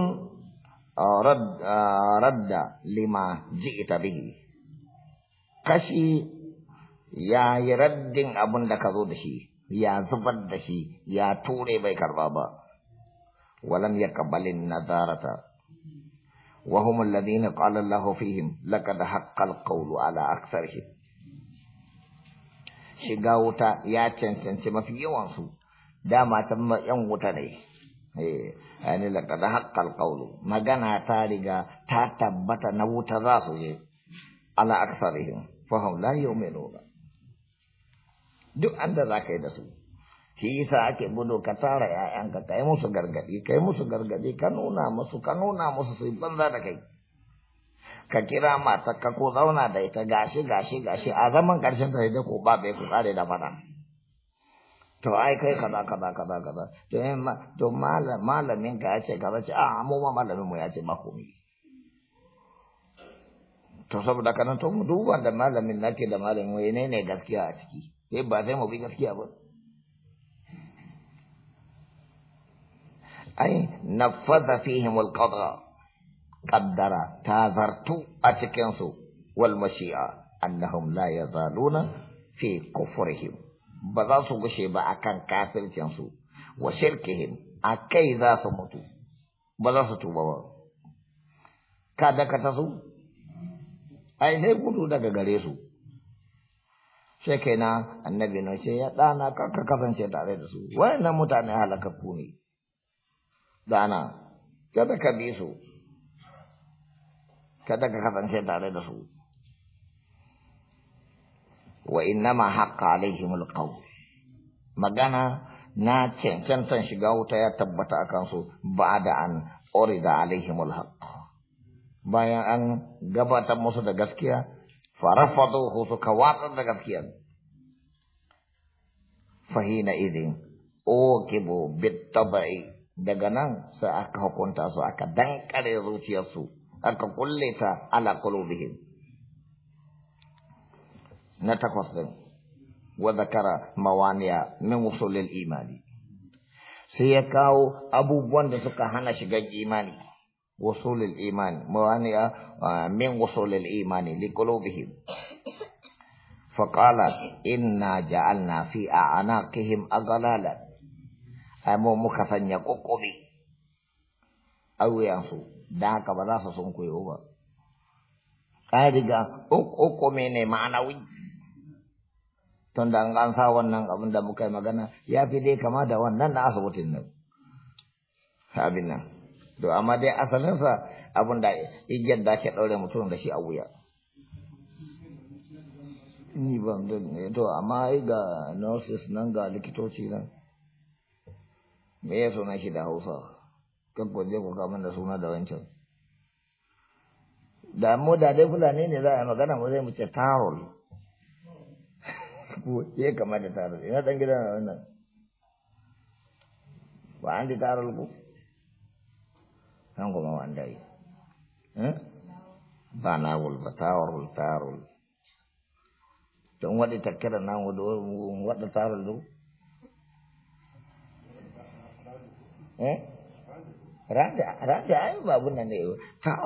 radda lima ji'ita bihi kashi ya yi raddin abin da ka zo da shi ya zubar da shi ya ture bai karba ba walam ya kabalin nazarata وهم الذين قال الله فيهم لقد حق القول shiga wuta ya cancanci mafi yawansu dama ta yan wuta ne yani laqad haqqal qawlu magana ta riga ta tabbata na wuta za su je ala aksarihim fa hum la yu'minuna duk anda zakai da su shi yasa ake gudu ka tara ƴaƴanka kai musu gargadi kai musu gargadi ka nuna musu ka nuna musu sai banza da kai ka kira ka ko zauna da ita gashi gashi gashi a zaman ƙarshen ta da ko ba bai ku tsare da fada to ai kai kaza kaza kaza kaza to in eh, ma to malam malamin ka yace kaza ce a ah, mu ma malamin mu yace ba komai to saboda kana to mu duba da malamin nake da malamin wai ne ne gaskiya a ciki sai ba sai mu bi gaskiya ba ai nafaza fihim alqada ta tazartu a cikinsu su wal mashi'a annahum la yazaluna fi kufrihim ba za su gushe ba akan kafircin su wa shirkihim akai za su mutu ba za su tuba ba kada ka tasu ai sai gudu daga gare su sai annabi na ce ya dana ka kasance tare da su wayannan mutane halakakku ne dana kada ka bi su kada ka kasance tare da su wa innama haqqa alaihim alqawl magana na cancantan shiga wuta ya tabbata akan su ba'da an urida alaihim alhaq bayan an gabatar musu da gaskiya farafaduhu suka watsar da gaskiya fahina idin o bit bitabai daga nan sai aka hukunta su aka dankare zuciyarsu aka kulle ta ala qulubihim na takwas din wa zakara mawaniya min wusulil imani sai ya kawo abubuwan da suka hana shigar imani wusulil imani mawaniya ah, min wusulil imani li qulubihim فقالت إنا جعلنا في أعناقهم أغلالا mu muka sanya kokobe a su da haka ba za su sun koyo ba ka riga me ne ma'anawi tunda an an sa wannan abin da muka yi magana ya fi dai kama da wannan na asibitin nan abin nan to amma dai asalinsa abin da igiyar da ke ɗaure mutum da shi a wuya ni ban to amma ga nurses nan ga likitoci nan me ya suna shi da hausa kan ku je ku kama da suna da wancan da mu da dai fulani ne za a yi magana mu zai muke tarol ku ya kama da tarol ina dan gida na wannan ba an di tarol ku nan kuma wanda yi eh? ba na ba tarol tarol don wadda takkira na wadda tarol duk Eh? Raja ai ba abun nan Ta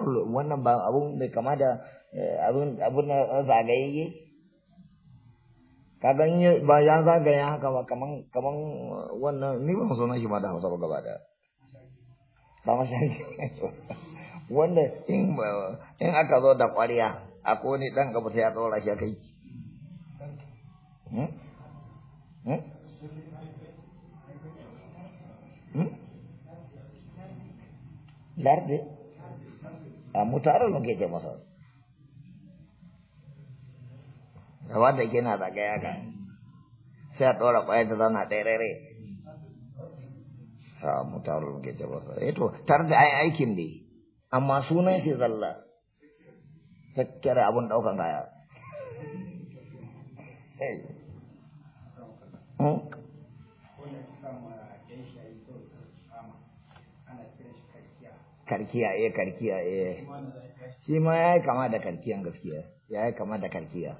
ta'allu wannan ba abun mai kama da eh, abun abun zagayayye kaga ni ba ya zagaya haka ba kaman kaman eh, wannan ni ba so na shi ma da Hausa ba gaba da ba ma shan wanda in in aka zo da ƙwariya Ako ni dan gaba sai ya tsora shi kai hmm? hmm? larde a ah, mutarar muke ce masa gaba da gina zagaya ga sai a ɗora ƙwayar ah, da zana ɗairere a mutarar muke ce masa eto eh tar da ai aikin ne amma sunan shi zalla abun kyara abin ɗaukan kaya karkiya eh karkiya eh shi ma ya yi kama da karkiyan gaskiya ya yi kama da karkiya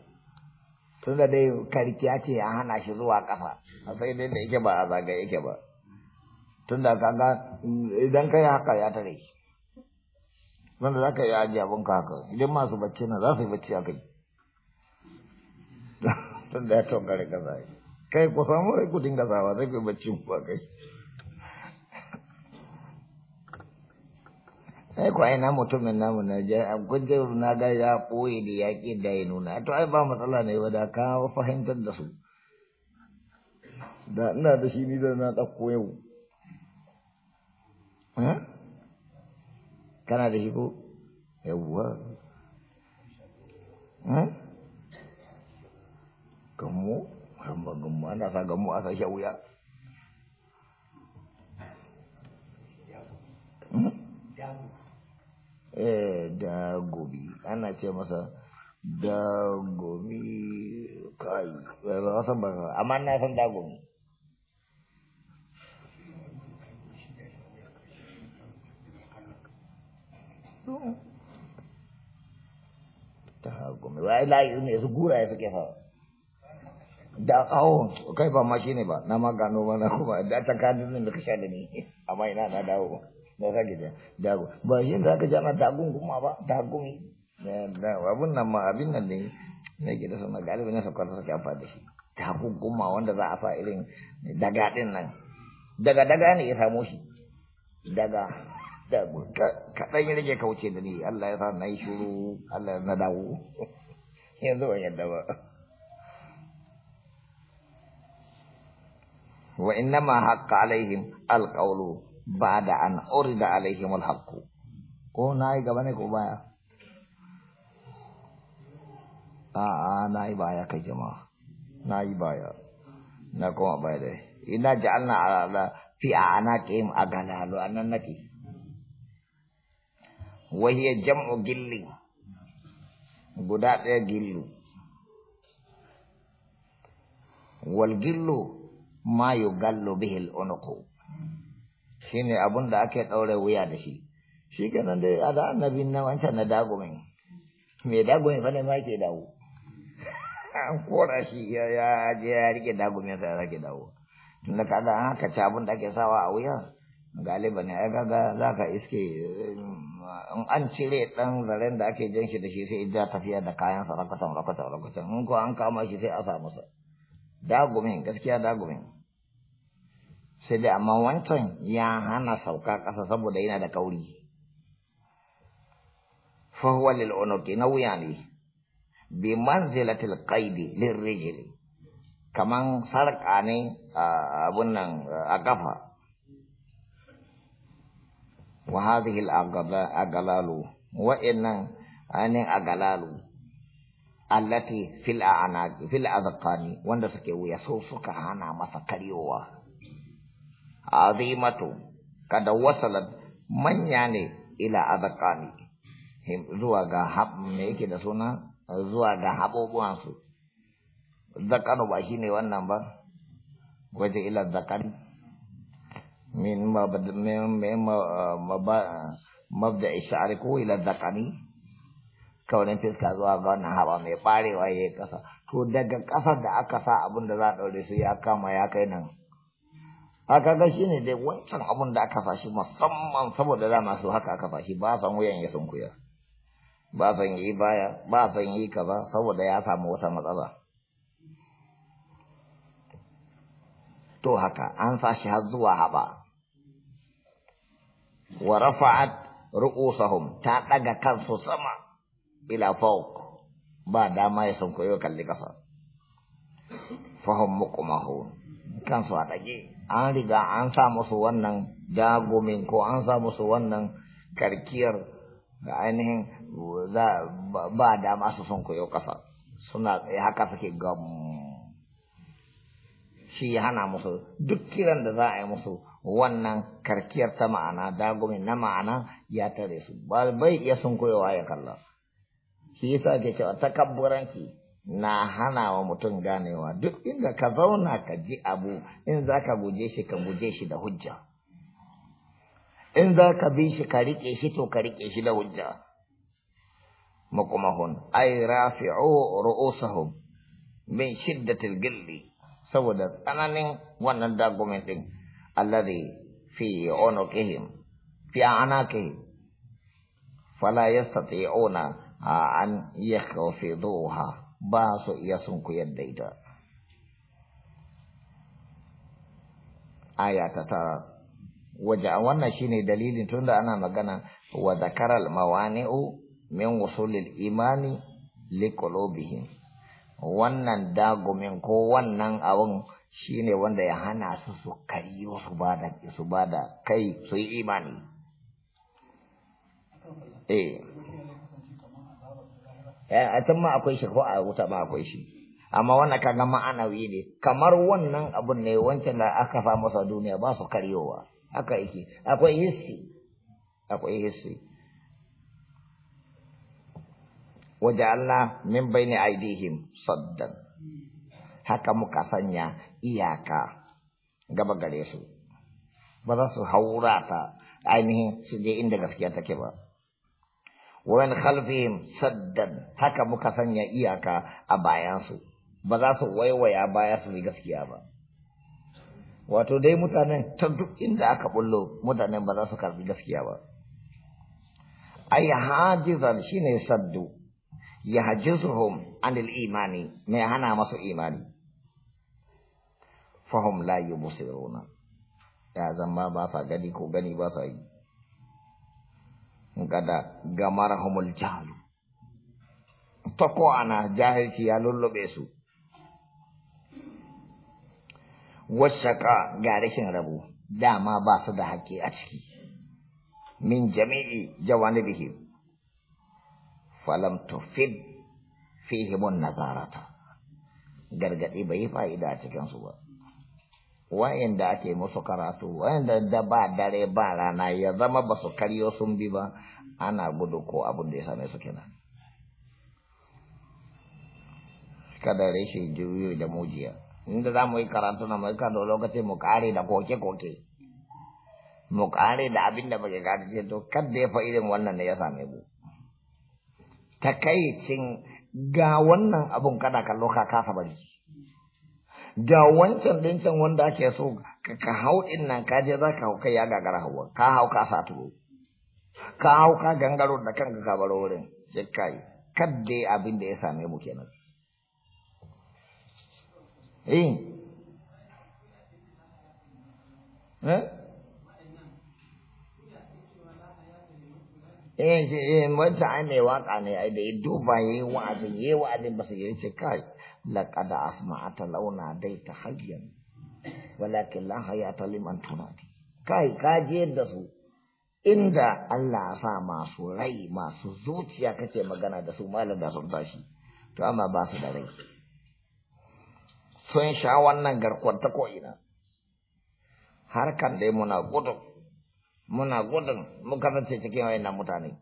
tun da dai karkiya ce an hana shi zuwa kafa. a sai dai da yake ba a zaga yake ba tun da kaga idan kai haka ya tare wanda za ka yi ajiye ka haka idan masu bacci na za su yi bacci a kai tun da ya tongare ƙasa kai ku samu kudin ku dinga sawa zai ku bacci ku a kai ai ko ai na mutumin namu na je a guje na ga ya koyi da yaƙi da ya nuna to ai ba matsala ne wa da ka fahimtar da su da ina da shi ni da na ɗauko yau hm? kana da shi ko yawwa hm? gamu hamba gamu ana sa gamu a sashe wuya hm? Yeah. Eh, da gobi ana ce masa da gobi kai ba san ba amma na san da gobi ta gobi wai layi ne su gura ya suke sawa da awon kai ba ma shi ne ba na ma gano mana kuma da tsakanin da ka sha da ni amma ina na dawo me kake da dago ba yin da aka jana dagun kuma ba dagun da abun nan ma abin nan ne ne sama galibi na sakar suke amfani da shi dagun kuma wanda za a fa irin daga din nan daga daga ne ya samo shi daga kaɗan ya rage kauce da ni Allah ya sa na yi shuru Allah na dawo yanzu ban yadda ba wa innama haqqa alaihim alqawlu baada an orida alayhim alhaqu o nayi gabane ko baya aa nayi baya kay jama nayi baya nakoma bayde ina jaalna alala fi anakihim agalalo ananaki wahiya jamu gilli guda ɗaya gillu walgillu ma yugallu bihi lonuku shine abun da ake daure wuya da shi shi kenan dai a da annabin na wancan na dagumin mai dagumin fa ne ma ke dawo an kora shi ya je ya rike dagumin sa ya dawo tun da kaga an haka ci abun da ake sawa a wuya galiba ne ai kaga za ka iske um, in an cire dan zaren da ake jan shi da shi sai idda tafiya da kayan sa rakatan rakatan rakatan in ko an kama shi sai a sa masa dagumin gaskiya dagumin sai dai amma wancan ya hana sauka ƙasa saboda yana da kauri fahuwa lil'unuki na wuya ne bi manzilatil qaidi lirrijili kaman sarƙa ne abun nan a ƙafa wa hadhihi al-aghlalu wa innan anin aghlalu allati fil a fil azqani wanda suke wuya so suka hana masa karyowa azimatu kada wasalat manya ne ila azqani zuwa ga hab me yake da suna zuwa ga habobuwan su zakano ba shine wannan ba waje ila zakari min ma ma ba mabda ishari ko ila zakani kaurin fiska zuwa ga wannan haba mai barewa yayi kasa to daga kasar da aka sa abin da za a daure su ya kama ya kai nan haka ga shi ne dai wancan abun da aka sashi musamman saboda dama su haka aka sashi ba san wuyan ya kuya ba san yi baya ba san yi kaza saboda ya samu wata matsala to haka an sashi har zuwa haba wa rafa'at ru'usahum ta daga kansu sama ila fawq ba dama ya kuya kalli kasa fahum muqmahun kansu a dage an riga an sa musu wannan jagumin ko an sa musu wannan karkiyar ga ainihin ba dama su sun koyo ƙasa suna tsaye haka suke gam shi hana musu duk kiran da za a yi musu wannan karkiyar ta ma'ana dagumin na ma'ana ya tare su ba bai iya sun koyowa ya kalla shi yasa ke cewa takabburanci na hana wa mutum ganewa duk inda ka zauna ka ji abu in za ka guje shi ka guje shi da hujja in za ka bi shi ka riƙe shi to ka riƙe shi da hujja makumahun ai rafi'u ru'usahum min shiddatil gilli saboda tsananin wannan dagumin din alladhi fi unuqihim fi anaqihim fala yastati'una an yakhfiduha ba su iya sun ku yadda ita aya ta tara waje wannan shine dalilin tunda ana magana wa zakaral mawani'u min wusulil imani liqulubihim wannan dagumin ko wannan abun shine wanda ya hana su su kariyo su bada su kai su yi imani eh Eh, a can ma akwai shi ko a wuta ma akwai shi amma wannan kaga ma'anawi ne kamar wannan abun ne wancan da aka sa masa duniya ba su karyowa haka yake akwai hissi akwai hissi waje Allah min bayni aidihim saddan haka muka sanya iyaka gaba gare su ba za su haura ta ainihin su je inda gaskiya take ba Wani خلفهم saddan haka muka sanya iyaka a bayansu ba za su waiwaya baya su gaskiya ba wato dai mutanen ta duk inda aka bullo mutanen ba za su karbi gaskiya ba ay hajizan shine saddu yahjizuhum anil imani mai hana masu imani fahum la yubsiruna ya zama ba sa gani ko gani ba sa yi gada gamarahumul jahlu ta ko ana jahilci ya lullube su wasaka ga rashin rabo dama ba su da haƙƙi a ciki min jami'i bihi falam tufid fihim nazarata gargadi bai fa'ida a cikin su ba wa'inda ake musu karatu wa'inda da ba dare ba rana ya zama ba su karyo sun bi ba ana gudu ko abin da ya same su kenan kada reshe juyo da mujiya inda za mu yi karatu na mai kado lokaci mu kare da koke-koke mu kare da abin da baka ce to kada ya fa'idin wannan ne ya same mu takaicin ga wannan abun kada kallo ka kasa bari ga wancan dincan wanda ake so ka hau in nan ka je za ka hau kai ya gagara hawa ka hau ka sa ka hau ka gangaro da kanka ka baro wurin sai kai kadde abin da ya same mu kenan eh eh eh eh wata ai mai waka ne ai da ya duba yayi wa'azin yi wa'azin ba su yi ce kai لقد أسمعت لو dai ta ولكن لا حياة ta تنادي kai ka je da su inda Allah sa masu rai masu zuciya kake magana da su malam da sun tashi to amma ba su da rai sun sha wannan garkuwar ta ko'ina harkan dai muna gudun muna gudun muka zance cikin wayannan mutane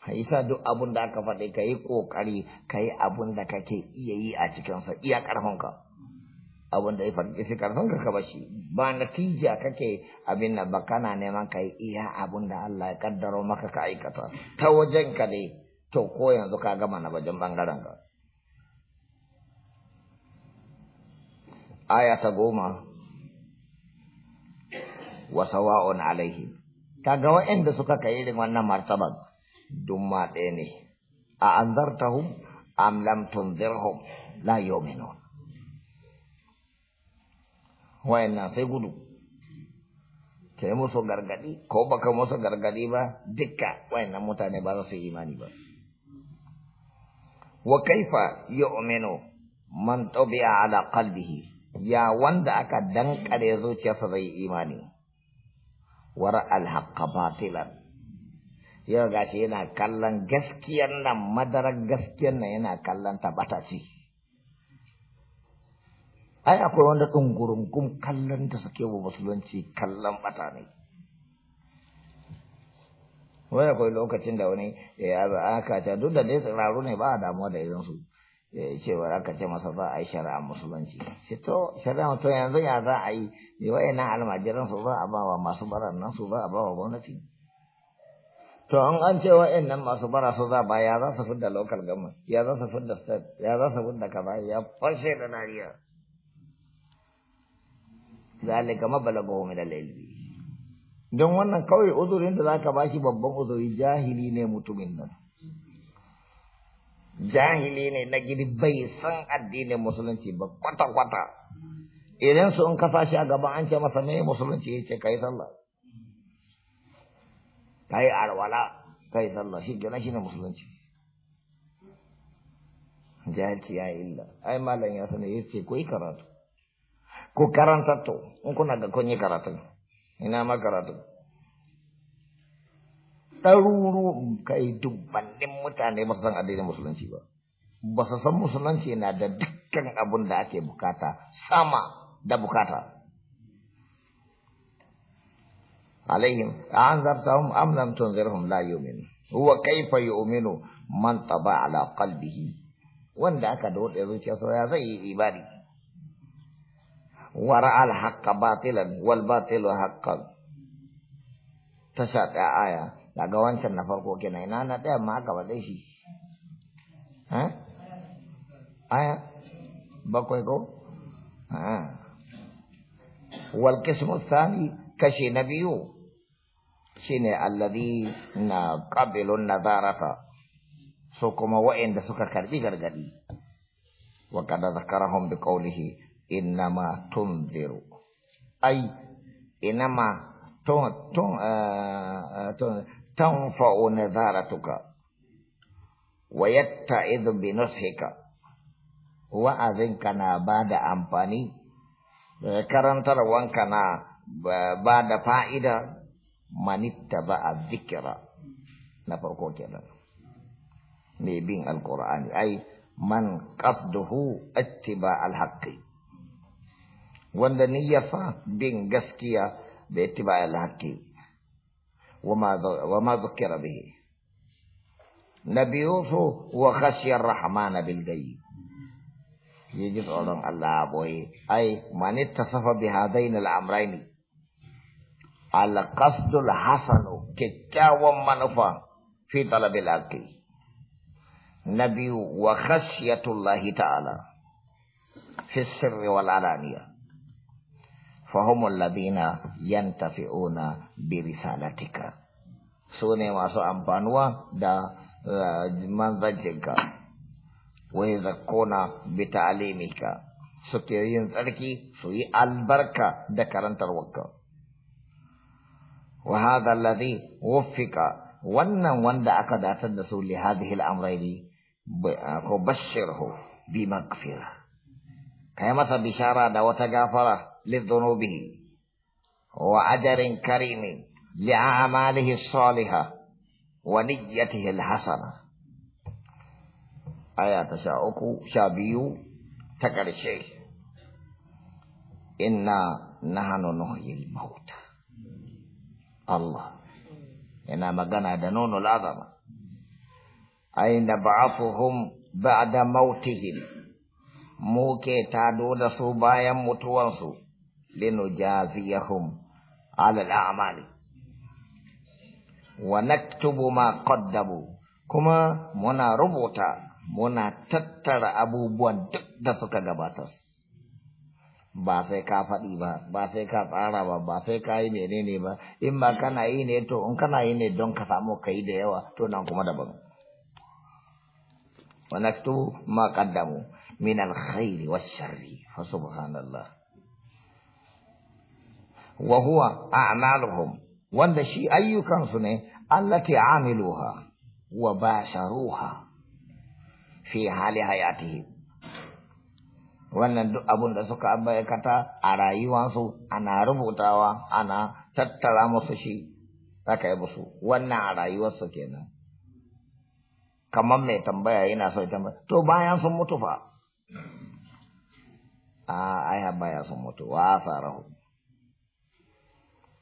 ka sa duk abunda da aka faɗi ka yi ƙoƙari ka yi abun da kake iya yi a cikinsa iya ƙarfinka abun da ya faɗi fi ƙarfinka ka bashi ba natija kake abin da ba kana neman ka yi iya abun da Allah ya ƙaddaro maka ka aikata ta wajen ka ne to ko yanzu ka gama na wajen bangaren ka aya ta goma wa alaihi. Ka ga wa'inda suka kai irin wannan martaban dumma ɗaya ne a anzartahum am lam tunzirhum la yu'minun wayannan sai gudu kai musu gargadi ko baka musu gargadi ba dukka wayannan mutane ba za su yi imani ba wa kaifa yu'minu man tabi'a ala qalbihi ya wanda aka dankare zuciyarsa zai imani wara al batilan yau ce yana kallon gaskiyar nan madarar gaskiyar nan yana kallon tabata ce ai akwai wanda ɗungurungun kallon da suke wa musulunci kallon bata ne wai akwai lokacin da wani ya eh, aka ce duk da dai tsiraru ne ba a damuwa da irin su eh, cewa aka ce masa za a yi shari'a musulunci shi to shari'a to yanzu ya za a yi wayannan almajiran su ba a ba wa masu baran nan su ba a ba wa gwamnati To an an ce nan masu bara su ba ya za su fidda local government, ya za su fidda state, ya za su fidda kaza, ya fashe da nariya. kama mabalagahu min da lalle. Don wannan kawai uzurin da zaka bashi babban uzuri jahili ne mutumin nan. Jahili ne na gidi bai san addinin musulunci ba kwata-kwata. Idan su in kafa shi a gaba an ce masa ne musulunci ya ce kai sallah. kai yi arwala ka yi sallah shi gina shi ne musulunci jahilci ya yi illa ai malam ya sani yace ce yi karatu ko karanta to in kuna ga kun yi karatu ina ma karatu ɗaruruwan kai dubbannin mutane ba su san addinin musulunci ba ba su san musulunci na da dukkan abun da ake bukata sama da bukata alaihim anzartahum am lam tunzirhum la yu'min huwa kaifa yu'minu man taba ala qalbihi wanda aka dode zuciyarsa ya zai yi ibadi wara al haqqa batilan wal batilu tasha ta aya daga wancan na farko kenan ina na ɗaya ma aka bade shi aya bakwai ko wal qismu thani kashe na biyu shine alladhi na na nadarata so kuma wa'inda suka karbi gargadi wa kad zakarahum bi qawlihi innama tunziru ay inama tun tun eh, eh, tun tanfa'u nadaratuka wa yatta'idhu bi nashika wa'azinka na bada amfani eh, karantarwanka na بعد فائدة من اتبع الذكر نفرقو كده ميبين القرآن أي من قصده اتباع الحق وندني يسا بين قسكية باتباع الحق وما وما ذكر به نبي يوسف وخشي الرحمن بالغيب يجد الله الله أي من اتصف بهذين الأمرين القصد الحسن كتاوى منفى في طلب العقل نبي وخشية الله تعالى في السر والعلانية فهم الذين ينتفعون برسالتك سوني ما سو أمبانوا دا آه، منزجك ويذكونا بتعليمك سكيرين سركي سوي البركة دا كرنتر وهذا الذي وفق ون وانا اكد اتنسوا لهذه الامرين بشره بمغفره كما بشارة وتغافرة للذنوب وأجر كريم لأعماله الصالحة ونيته الحسنة آيات شاوكو شابيو تقرشي إنا نحن نحيي الموت Allah yana magana da nono lazama aina ba'afuhum ba'da mautihim mu ke tado da su bayan mutuwansu linujaziyahum ala al'amali wa naktubu ma qaddamu kuma muna rubuta muna tattara abubuwan duk da suka gabatar ba sai ka faɗi ba ba sai ka tsara ba ba sai ka yi menene ba in ba kana yi ne to in kana yi ne don ka samu ka yi da yawa to nan kuma daban wa naktubu ma qaddamu min alkhairi wash-sharri fa subhanallah wa huwa a'maluhum wanda shi ayyukansu su ne allati amiluha wa basharuha fi hali hayatihim wannan duk abun da suka kata a rayuwansu ana rubutawa ana tattara musu shi aka yi musu wannan a rayuwarsu kenan kamar mai tambaya yana so tambaya to bayan sun mutu fa a ai baya sun mutu wa rahu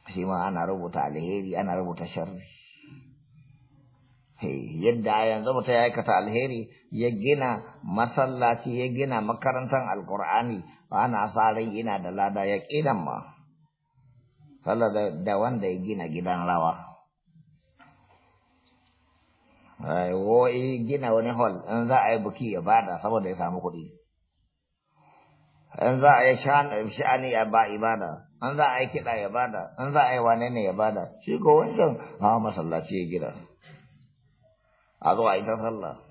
shi ma ana rubuta alheri ana rubuta sharri yadda yanzu mutum ya aikata alheri ya gina masallaci ya gina makarantar alkur'ani ana sa ran ina da lada ya kidan ma Allah da wanda ya gina gidan rawa wo gina wani hall in za a yi buki ya bada saboda ya samu kuɗi in za a yi sha'ani ya ba ibada in za a yi kiɗa ya bada in za a yi wane ne ya bada shi ko wancan a masallaci ya gina a zo a yi ta sallah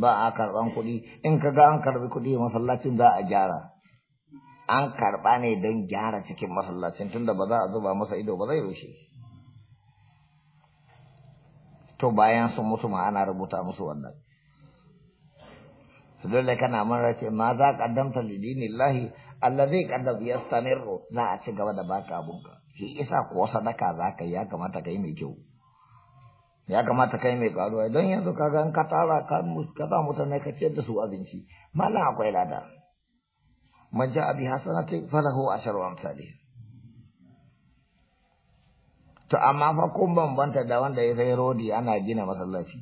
ba a karɓan kuɗi in ka ga an karɓi kuɗi masallacin za a gyara an karɓa ne don gyara cikin masallacin tunda ba za a zuba masa ido ba zai rushe to bayan sun mutu ma ana rubuta musu wannan su dole kana mara ce ma za ka lidini lahi Allah zai kaddam ya za a ci gaba da baka abunka shi isa kuwa sadaka za ka yi ya kamata ka yi mai kyau ya kamata kai mai karuwa don yanzu ka gan ka tara ka sa mutane ka ciyar da su abinci malam akwai lada man ja abi hasanati falahu asharu amsalih to amma fa kun bambanta da wanda ya sai rodi ana gina masallaci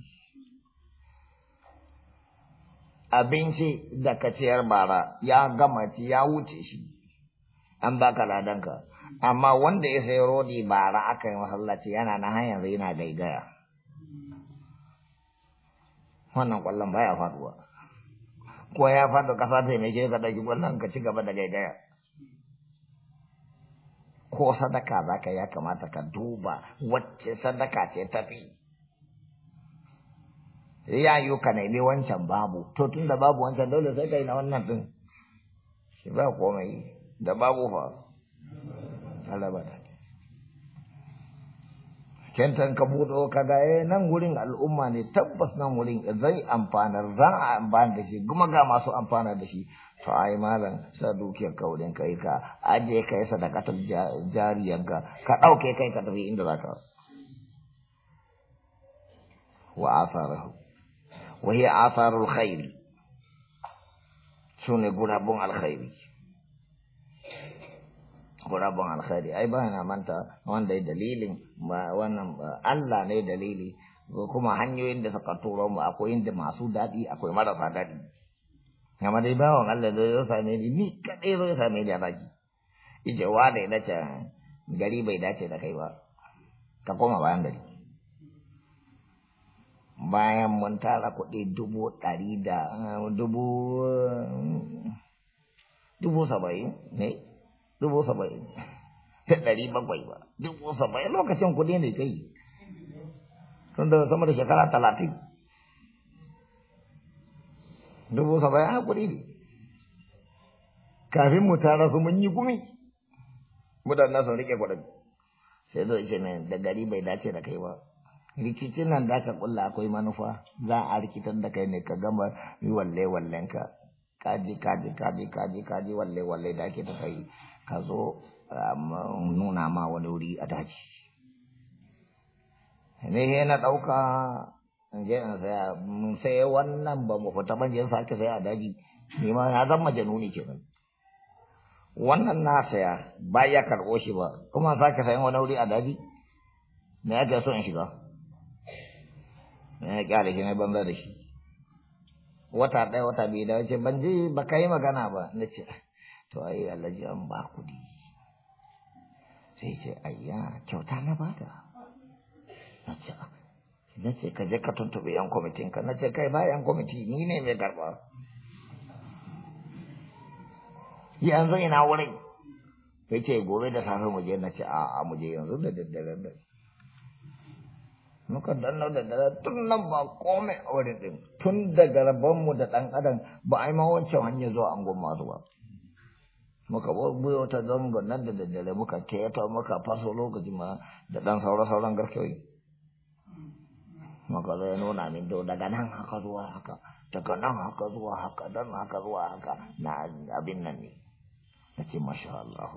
abinci da ka ciyar bara ya gama ci ya wuce shi an baka ladanka amma wanda ya sai rodi bara aka yi masallaci yana na hanyar yana gaigaya wannan kwallon baya faduwa ko ya faɗo kasa ta mai ke ka ki kwallon ka ci gaba da gaigaya ko sadaka za ka ya kamata ka duba wacce sadaka ce tafi ya yi ka nemi wancan babu to tun da babu wancan dole sai ka na wannan din shi ba komai da babu fa alabata kentan ka buɗo ka ga eh nan wurin al'umma ne tabbas nan wurin zai amfanar za a amfana da shi kuma ga masu amfana da shi to ai malam sa dukiyar ka wurin kai ka aje kai ta jariyar ka ka ɗauke kai ka tafi inda za ka wa asarahu wa hiya asarul khairi sune gunabun alkhairi gurabun alkhairi ai ba na manta wanda ya dalilin wannan Allah ne dalili kuma hanyoyin da suka turo mu akwai inda masu daɗi akwai marasa daɗi amma dai bawan Allah da ya same ni ni kadai zai same ni a baki ije wa na gari bai dace da kai ba ka koma bayan gari bayan mun tara kuɗi dubu ɗari da dubu dubu saba'in ne dubu saba'in ɗari bakwai ba dubu saba'in lokacin kuɗi ne kai tun da sama da shekara talatin dubu saba'in a kuɗi ne kafin mu tara su mun yi gumi mutanen sun rike kuɗin sai zo ce mai da gari bai dace da kai ba rikicin nan da ka ƙulla akwai manufa za a rikitar da kai ne ka gama yi walle wallenka kaji kaji kaji kaji kaji walle walle da ake ta kai ka zo um, nuna ma wani wuri a daji ne na ɗauka in je in saya mun sai wannan ba mu fita ban je sake saya a daji ni ma na zan ke kenan wannan na saya ba ya karɓo shi ba kuma sake sayan wani wuri a daji me yake so in shiga me ya kyale shi ne banza da shi wata ɗaya wata biyu da wace ban je ba ka yi magana ba na ce to ai alhaji an ba kuɗi sai ce ayya kyauta na bada na ce ah. na ce ka je ka tuntuɓi yan kwamitin ka na ce kai ba yan kwamiti ni ne mai garba yanzu ina wurin Sai ce gobe da safe mu je na ce a mu je yanzu da daddare da muka danna da daddare tun nan ba komai a wurin din tun daga mu da ɗan adam ba a yi ma wancan hanyar zuwa an gwamma ba muka buyo ta zangon nan da daddare muka keta muka faso lokaci ma da ɗan sauran-sauran garkewi maka zai nuna min to daga nan haka zuwa haka daga nan haka zuwa haka dan haka zuwa haka na abin nan ne na ce masha Allah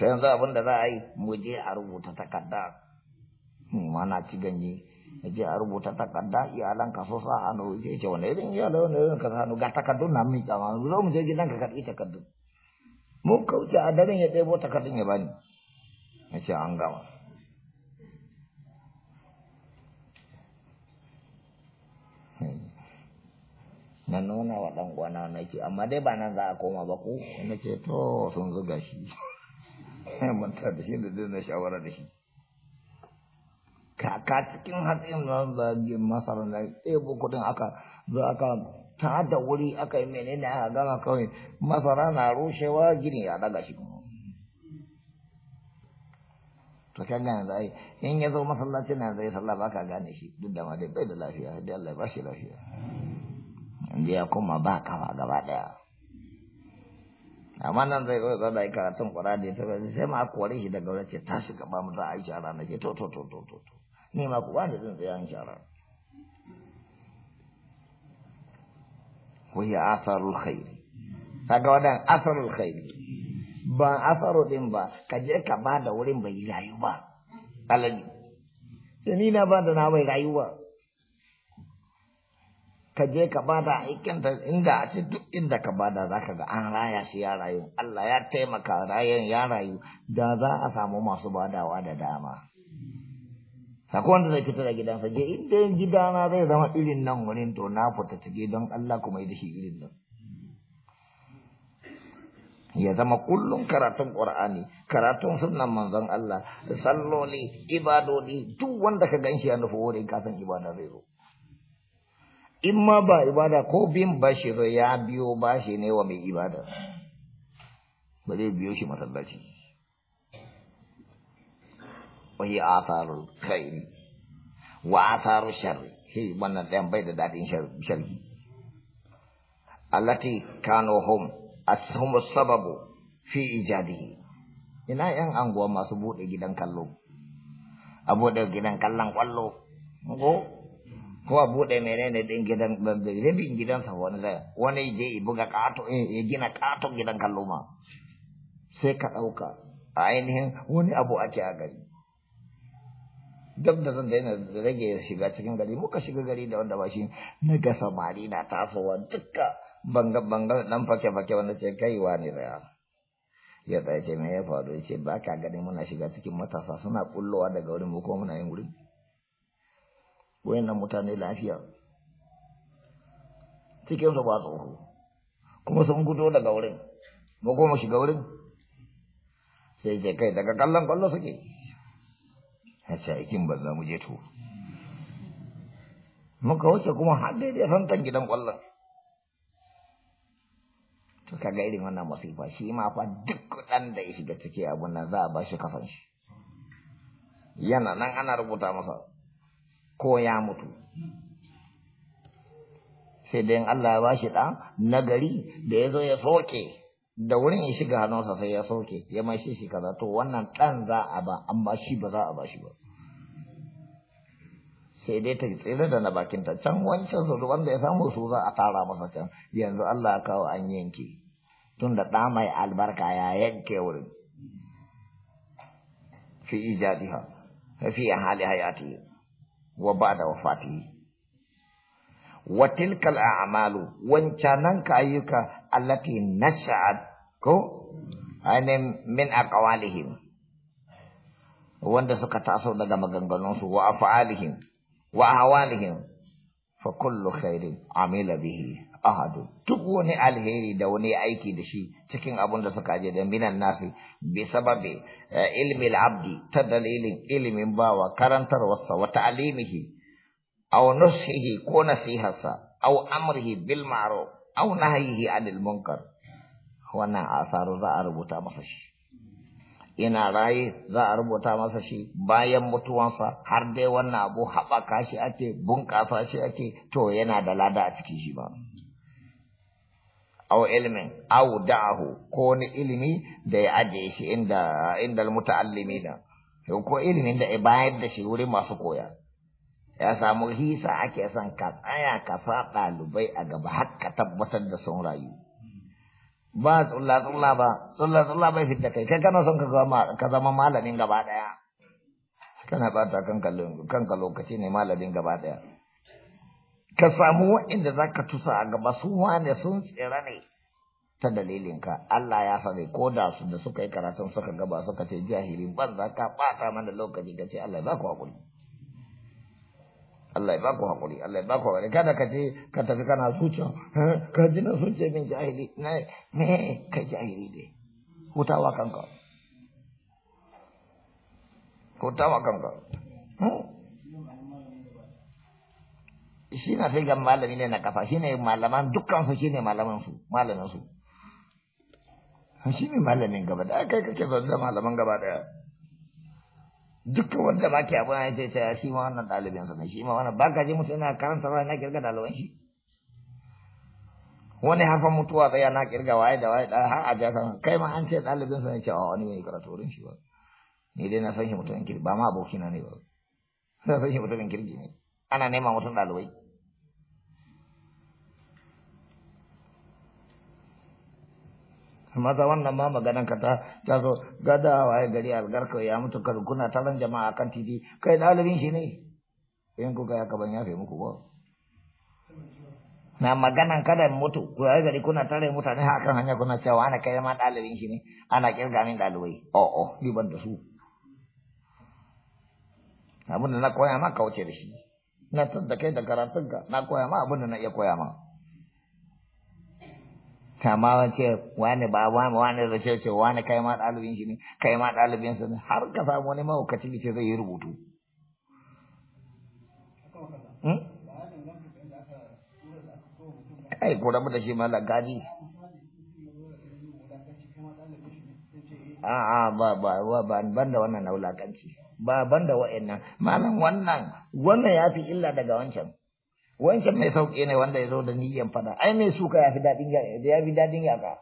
to yanzu abin da za a yi mu je a rubuta takarda ni ma na ci ganye a je a rubuta takarda iyalan ka so sa hannu ce ce wani irin iyalan wani irin ka hannu ga takardun na miƙa ma zo mu je gidan ka karɓi takardun mun kauce a daren ya ɗebo takardun ya bani na ce an gama na nuna wa ɗan gwana na ce amma dai ba nan za a koma ba ku, na ce to sun zuga shi manta da shi da dina shawara da shi kaka cikin hatsin na zagin masarar na ɗebo kudin aka za aka ta da wuri aka yi menene aka gama kawai masara na rushewa gini ya daga shi to kan nan zai in ya zo masallaci na zai sallah ba ka gane shi duk da ma dai bai da lafiya dai Allah ya ba shi lafiya inda ya koma ba kafa gaba daya amma nan zai zo da yi karatun Qur'ani to sai ma kore shi daga wurin ce shiga ba mu za a yi shara na ke to to to to to ni ma ku ba ni zan shara وهي آثار الخير kaga wadan asarul ba asaru din ba ka je ka ba da wurin bai yi rayuwa alali sai ni na ba da na bai rayuwa ka je ka ba da aikinta inda a ce duk inda ka ba da zaka ga an raya shi ya rayu Allah ya taimaka rayan ya rayu da za a samu masu badawa da dama Sako wanda zai fita da gidansa, je inda gidana zai zama irin nan wani to na fita ta don Allah kuma yi da shi irin nan. Ya zama kullum karatun Ƙur'ani, karatun sunan manzon Allah, salloli, ibadoli, duk wanda ka ganshi ya nufi wurin kasan ibada zai zo. In ma ba ibada ko bin bashi ya biyo bashi ne wa mai ibada. Ba zai biyo shi masallaci. وهي آثار الخير وآثار الشر هي وانا دام بيد داتين شر شر التي كانوا هم هم sababu في إيجاده ina yan anguwa masu bude gidan kallo a bude gidan kallon kwallo ko ko a bude menene din gidan gidan sa wani da wani je buga kato ya gina kato gidan kallo ma sai ka dauka a ainihin wani abu ake a gari duk da zan daina rage shiga cikin gari muka shiga gari da wanda ba shi na ga samari na tasowa dukka banga banga dan fake fake wanda ce kai wani da ya da ce me ya faru ce ba ka gani muna shiga cikin matasa suna kullowa daga wurin mu ko muna yin wurin wayannan mutane lafiya cikin su ba tsoro kuma sun gudo daga wurin mu ko mu shiga wurin sai ce kai daga kallon kwallo suke Na ce ba za mu je to muka wuce kuma har san tan gidan kwallon to kaga irin wannan masifa shi ma fa duk dan da ya shiga ciki abu nan za a ba shi kasan shi yana nan ana rubuta masa ko ya mutu sai dai Allah ya bashi shi ɗa nagari da ya zo ya soke da wurin ya shiga hannunsa sai ya sauke ya mai shi kaza to wannan ɗan za a ba an ba shi ba za a ba shi ba sai dai ta tsira da na bakin ta can wancan su wanda ya samu su za a tara masa can yanzu Allah kawo an yanke tun da ɗa mai albarka ya yanke wurin fi ijadiha fi hali hayati wa ba da wa tilkal a'malu wancanan ka ayyuka allati nasha'at ko ane ah, min aqwalihim wanda suka taso daga maganganunsu wa af'alihim wa ahwalihim fa kullu khairin amila bihi ahadu duk wani alheri da wani aiki da shi cikin abun da suka je da minan nasi bi sababi eh, ilmi al-abdi ta dalilin ilimin bawa karantarwarsa wa ta'limihi aw nushihi ko nasiharsa aw amrihi bil ma'ruf aw nahyihi anil munkar wannan asaru za a rubuta masa shi ina raye za a rubuta masa shi bayan mutuwansa har dai wannan abu haɓaka shi ake bunƙasa shi ake to yana da lada a cikin shi ba Au ilmin au da'ahu ko wani ilimi da ya ajiye shi inda inda na, ko ilimin da ya bayar da shi wurin masu koya ya samu hisa ake son ka tsaya ka sa ɗalibai a gaba har ka tabbatar da sun rayu ba tsulla tsulla ba tsulla tsulla bai fitta kai kai kana son ka zama malamin gaba daya kana bata kanka lokaci ne malamin gaba daya ka samu wa'inda za ka tusa a gaba wane sun tsira ne ta dalilin ka Allah ya sani ko da su da suka yi karatun suka gaba suka ce jahilin ban za ka bata mana lokaci ka ce Allah za ku haƙuri Allah ya baku hakuri Allah ya baku hakuri kada ka ce ka tafi kana zuciya ka ji na zuciya min jahili ne ne kai jahili ne hutawa kanka hutawa kanka shi na sai ga malami ne na kafa shi ne malaman dukkan su shi ne malaman su malamin su shi ne malamin gaba da kai kake zaune da malaman gaba daya duk wanda ba ke abu ya ce ta shi ma wannan ɗalibin sa ne shi ma wannan baka ji mutu yana karanta ba na kirga ɗaliban shi wani hafa mutuwa tsaya na kirga waye da waye har a jasa kai ma an ce ɗalibin sa ne cewa wani mai karatu wurin shi ba ni dai na san shi mutumin kirki ba ma abokina ne ba na san shi mutumin kirgi ne ana nema mutum ɗalibai maza wannan ma maganan ka ta ta zo gadawa ya gari algarka ya mutu kar kuna talan jama'a akan titi kai dalibin shi ne in kuka ya kaban ya fi muku ba na maganan kada mutu ku ya gari kuna tare mutane akan hanya kuna cewa ana kai ma dalibin shi ne ana kirga min dalibai o oh, o oh, ni ban da su abin da na koya ma kauce da shi na tadda kai da karatunka na koya ma abin da na iya koya ma kama ce wani ba wani wani da ce ce wani kai ma ɗalibin shi ne kai ma ɗalibin su ne har ka samu wani mahaukaci da ce zai yi rubutu. Hmm? Kai ko rabu da shi ma gadi. A'a ba ba ba ban da wannan na wulakanci ba ban da wa'annan malam wannan wannan ya fi illa daga wancan. wancan mai sauƙi ne wanda ya zo da niyyan fada ai mai suka ya fi daɗin ya fi daɗin yaka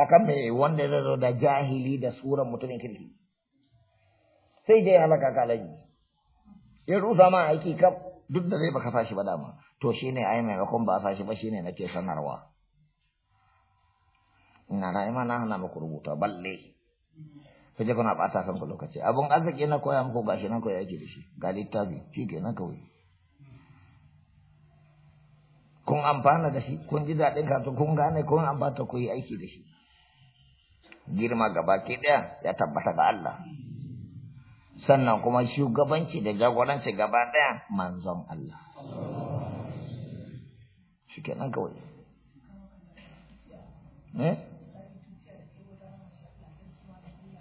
akan mai wanda ya zo da jahili da suran mutumin kirki sai dai halaka kalaji ya rusa ma aiki kaf duk da zai baka sashi ba dama to shi ne ai maimakon ba a fashi ba na nake sanarwa ina na ima na hana muku rubuta balle kaje kuna bata kanku lokaci abin arziki na koya muku gashi nan koya yake da shi ga littafi shi kenan kawai kun amfana da shi kun ji daɗin karatu kun gane kun ambata ku yi aiki da shi girma gaba ke ɗaya ya tabbata ga Allah sannan kuma shugabanci da jagoranci gaba ɗaya manzon Allah shi nan kawai eh?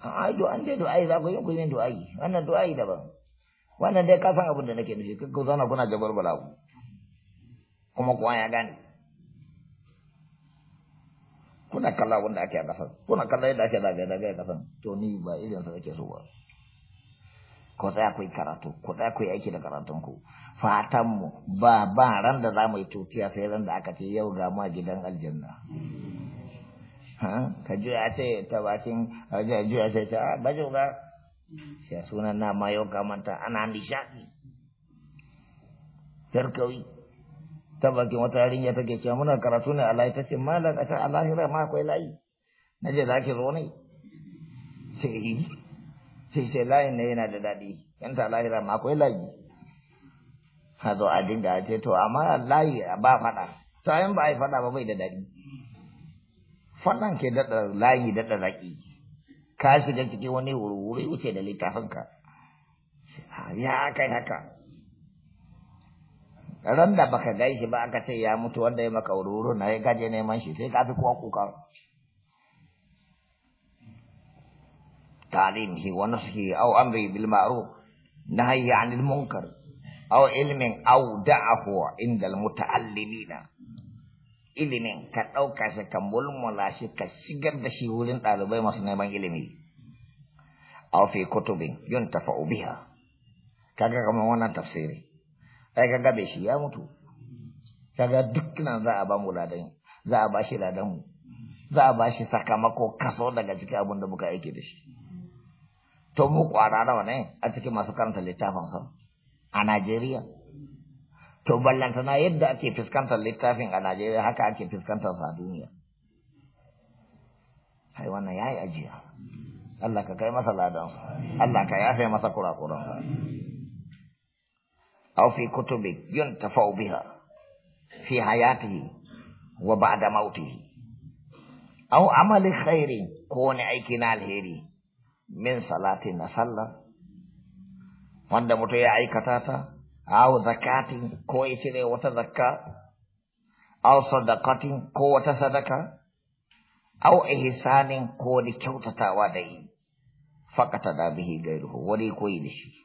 ai an dai ai za ku yi ku yi ai wannan du'ai daban wannan dai ka san abin da nake nufi ku zauna kuna jabar balagu kuma kuwa ya gane kuna kalla wanda ake a kasan, kuna kalla yadda ake zagaye zagaye a kasan, to ni ba irin sa nake so ba ko tsaya kai karatu ko tsaya kai aiki da karatun ku fatan mu ba ba ran da za mu yi tofiya sai ran da aka ce yau ga ma gidan aljanna ka juya ce ta bakin juya ce ta ah, bajo ga sai sunan na ma yau kamanta ana nishadi tarkawi ta bakin wata yarinya take cewa muna karatu ne a layi ta ce malam a ta alahira ma akwai layi na je za ki zo ne sai sai sai layin ne yana da daɗi yan ta lahira ma akwai layi ha zo a dinga ce to amma layi ba faɗa ta yin ba a yi faɗa ba bai da daɗi faɗan ke daɗa layi daɗa zaƙi ka shiga cikin wani wuri wuce da littafinka ya kai haka ran da baka gai shi ba aka ce ya mutu wanda ya maka wuri-wuri na ya gaje neman shi sai ka fi kowa kukan تعليمه ونصحه أو أمره بالمعروف Au عن au أو علم أو دعه عند na. ilimin ka ɗauka shi ka mulmula shi ka shigar da shi wurin ɗalibai masu neman ilimi Au fi kutubin yuntafa'u biha kaga kamar wannan tafsiri ai ga gabe shi ya mutu kaga dukkan za a ba mu ladan za a ba shi ladan mu za a ba shi sakamako kaso daga cikin abin da muka aiki da shi to mu kwara nawa ne a cikin masu karanta littafin sa a Najeriya to ballanta na yadda ake fuskantar littafin a Najeriya haka ake fuskantar sa a duniya ai wannan yayi ajiya Allah ka kai masa ladan Allah ka yafe masa kurakuran Aufin kutubin yonta fa ubiha fiya hayatun wa ba da mauti. An amalin kherin ko wani aikin alheri min salatin na sallah. Wanda mutum ya aikatata, an sadaƙa tun ko wata sadaka. An asabi ta ko wani kyautatawa na yi. Faƙar ta da bihe gairuku wurin koi ne shi.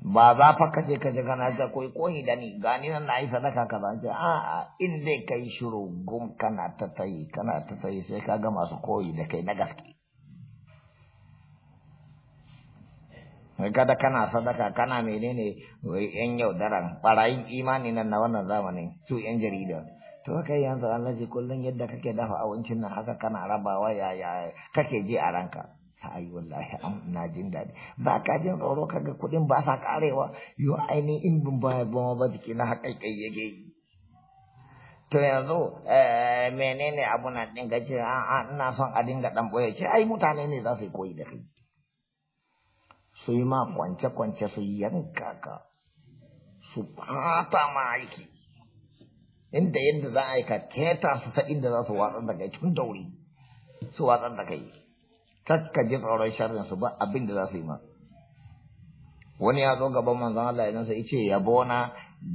ba za fa kace ka ji kana ta koyi koyi da ni gani nan na yi sadaka ka ce a a in dai kai shiru gum kana ta tayi kana ta tayi sai ka ga masu koyi da kai na gaske kada kana sadaka kana menene yan yaudaran barayin imani nan na wannan zamanin su yan jarida to kai yanzu Allah ji kullun yadda kake dafa abincin nan haka kana rabawa ya ya kake ji a ranka ai wallahi an na jin daɗi ba ka jin tsoro kaga kuɗin ba sa karewa yo aini in bin baya ba ba jiki na haƙaiƙai yake yi to yanzu eh, menene abu na ɗin ce a ina son a dinga ɗan ɓoye ce ai mutane ne za su yi koyi da kai su yi ma kwance-kwance su yi yanka ka su ɓata ma aiki inda yadda za a yi ka keta su ta inda za su watsar da kai tun da wuri su watsar da kai kakka jin tsoron sharrin su ba abin da za su yi ma wani ya zo gaban manzon Allah idan sai ce yabona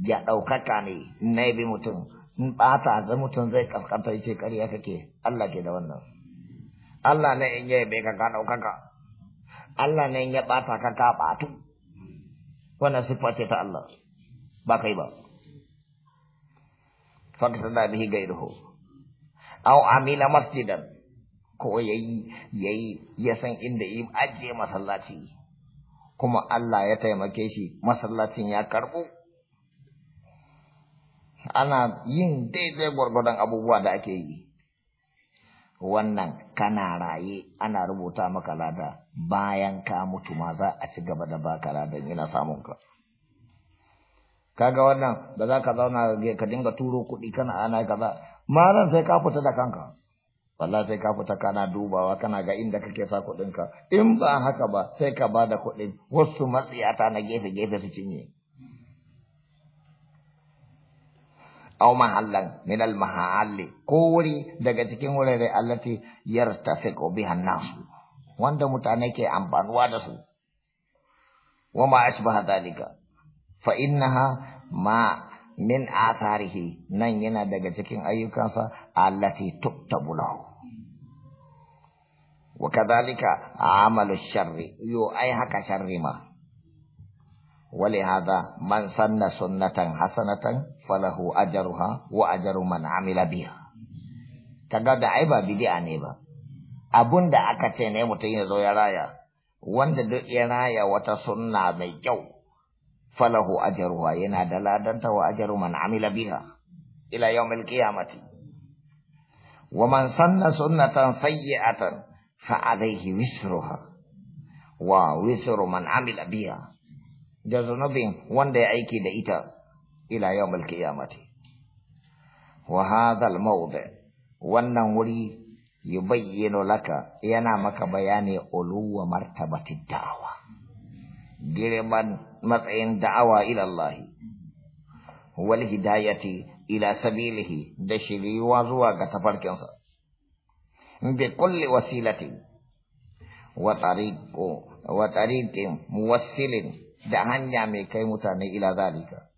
ya ɗaukaka ne na bi mutum in ɓata da mutum zai kaskanta ya ce ƙarya kake Allah ke da wannan Allah ne in yi bai ka ka ɗaukaka Allah ne in ya ɓata ka ka ɓatu wannan siffa ce ta Allah ba kai ba fakta da bihi gairuhu aw amila masjidan ko ya yi ya san inda yi ajiye masallaci kuma Allah ya taimake shi masallacin ya karɓo. ana yin daidai gwargwadon abubuwa da ake yi wannan kana raye ana rubuta maka lada bayan ka mutu ma za a ci gaba da baka ladan yana samun ka kaga wannan ba za ka zauna ka dinga turo kuɗi kana ana kaza ma sai ka fita da kanka Wallah sai ka fita kana dubawa kana ga inda kake sa kuɗinka. In ba haka ba sai ka ba da kuɗin wasu matsiyata na gefe-gefe su cinye. Au mahallan minal mahalli ko wuri daga cikin wurare allati ko biha nasu wanda mutane ke amfanuwa da su. Wa ma asbaha dalika fa innaha ma min atharihi nan yana daga cikin ayyukansa allati tuktabu lahu wa kadhalika amalu sharri yo ai haka sharri ma li hadha man sanna sunnatan hasanatan falahu ajruha wa ajru man amila biha kaga da ai ba bid'a ne ba abunda aka ce ne mutum ya zo ya raya wanda duk ya raya wata sunna mai kyau فله أجرها ينادى لا دنت وأجر من عمل بها إلى يوم القيامة ومن سن سنة سيئة فعليه وسرها ووسر من عمل بها جزء نبي واندي أيكي دئتا إلى يوم القيامة وهذا الموضع وننوري يبين لك ينامك بياني ألو مرتبة الدعوة girman matsayin da'awa ilallahi wal hidayati ila sabilihi da shiriwa zuwa ga tafarkinsa bi kulli wasilatin wa tariqo wa tariqin muwassilin da hanya mai kai mutane ila zalika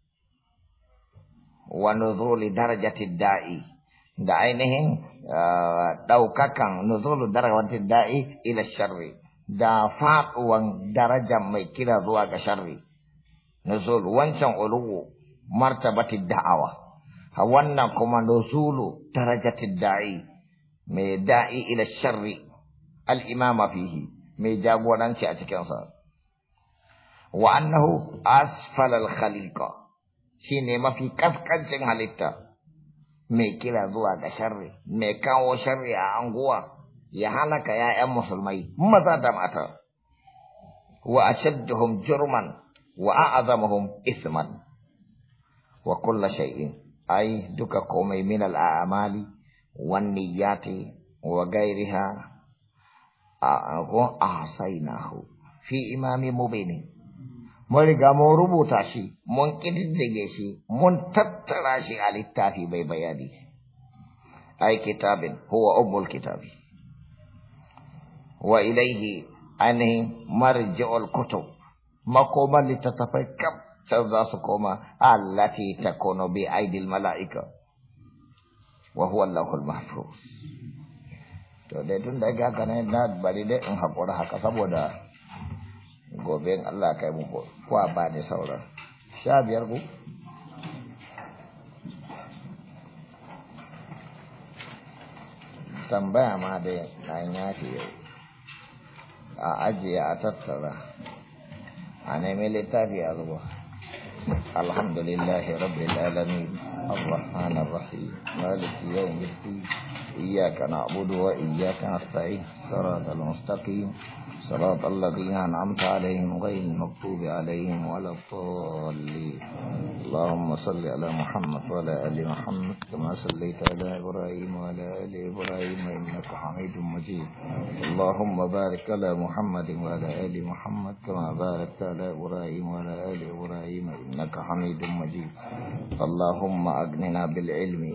wa nuzuli darajati da'i da ainihin daukakan ah, nuzulu darajati da'i ila sharri da faɗuwan daraja mai kira zuwa ga sharri nuzul wancan ulugu martabatid da'awa wannan kuma nuzulu darajatid da'i mai da'i ila sharri al-imama fihi mai jagoranci a cikinsa. sa wa annahu asfal al-khaliqa ne mafi kaskancin halitta mai kira zuwa ga sharri mai kawo sharri a anguwa يا هلك يا ام مسلمي ماذا دمعت واشدهم جرما واعظمهم اثما وكل شيء اي دك قومي من الاعمال والنيات وغيرها أعصيناه في إمام مبين مالك أمورو شي ممكن تدريشي من تتراشي على التافي بي بيادي أي كتاب هو أم الكتابي wa ilaihi ainihin marji'ul kutub makoman littattafai kam can za su koma allati takunu bi aidil mala'ika wa huwa allahul mahfuz to dai tun da ga kana na bari dai in hakura haka saboda gobe Allah kai mu kwa ba ni saura. sha biyar ku tambaya ma dai na yafi yau a ajiye a tattara a nemi littafi a zuwa alhamdulillahi rabbi lalami arrahman arrahim maliki yawon yasti iyaka na abudu wa iyaka na sta'in sara da lomstakiyu صراط الذين أنعمت عليهم غير المكتوب عليهم ولا الضالين اللهم صل على محمد وعلى آل محمد كما صليت على إبراهيم وعلى آل إبراهيم إنك حميد مجيد اللهم بارك على محمد وعلى آل محمد كما باركت على إبراهيم وعلى آل إبراهيم إنك حميد مجيد اللهم أغننا بالعلم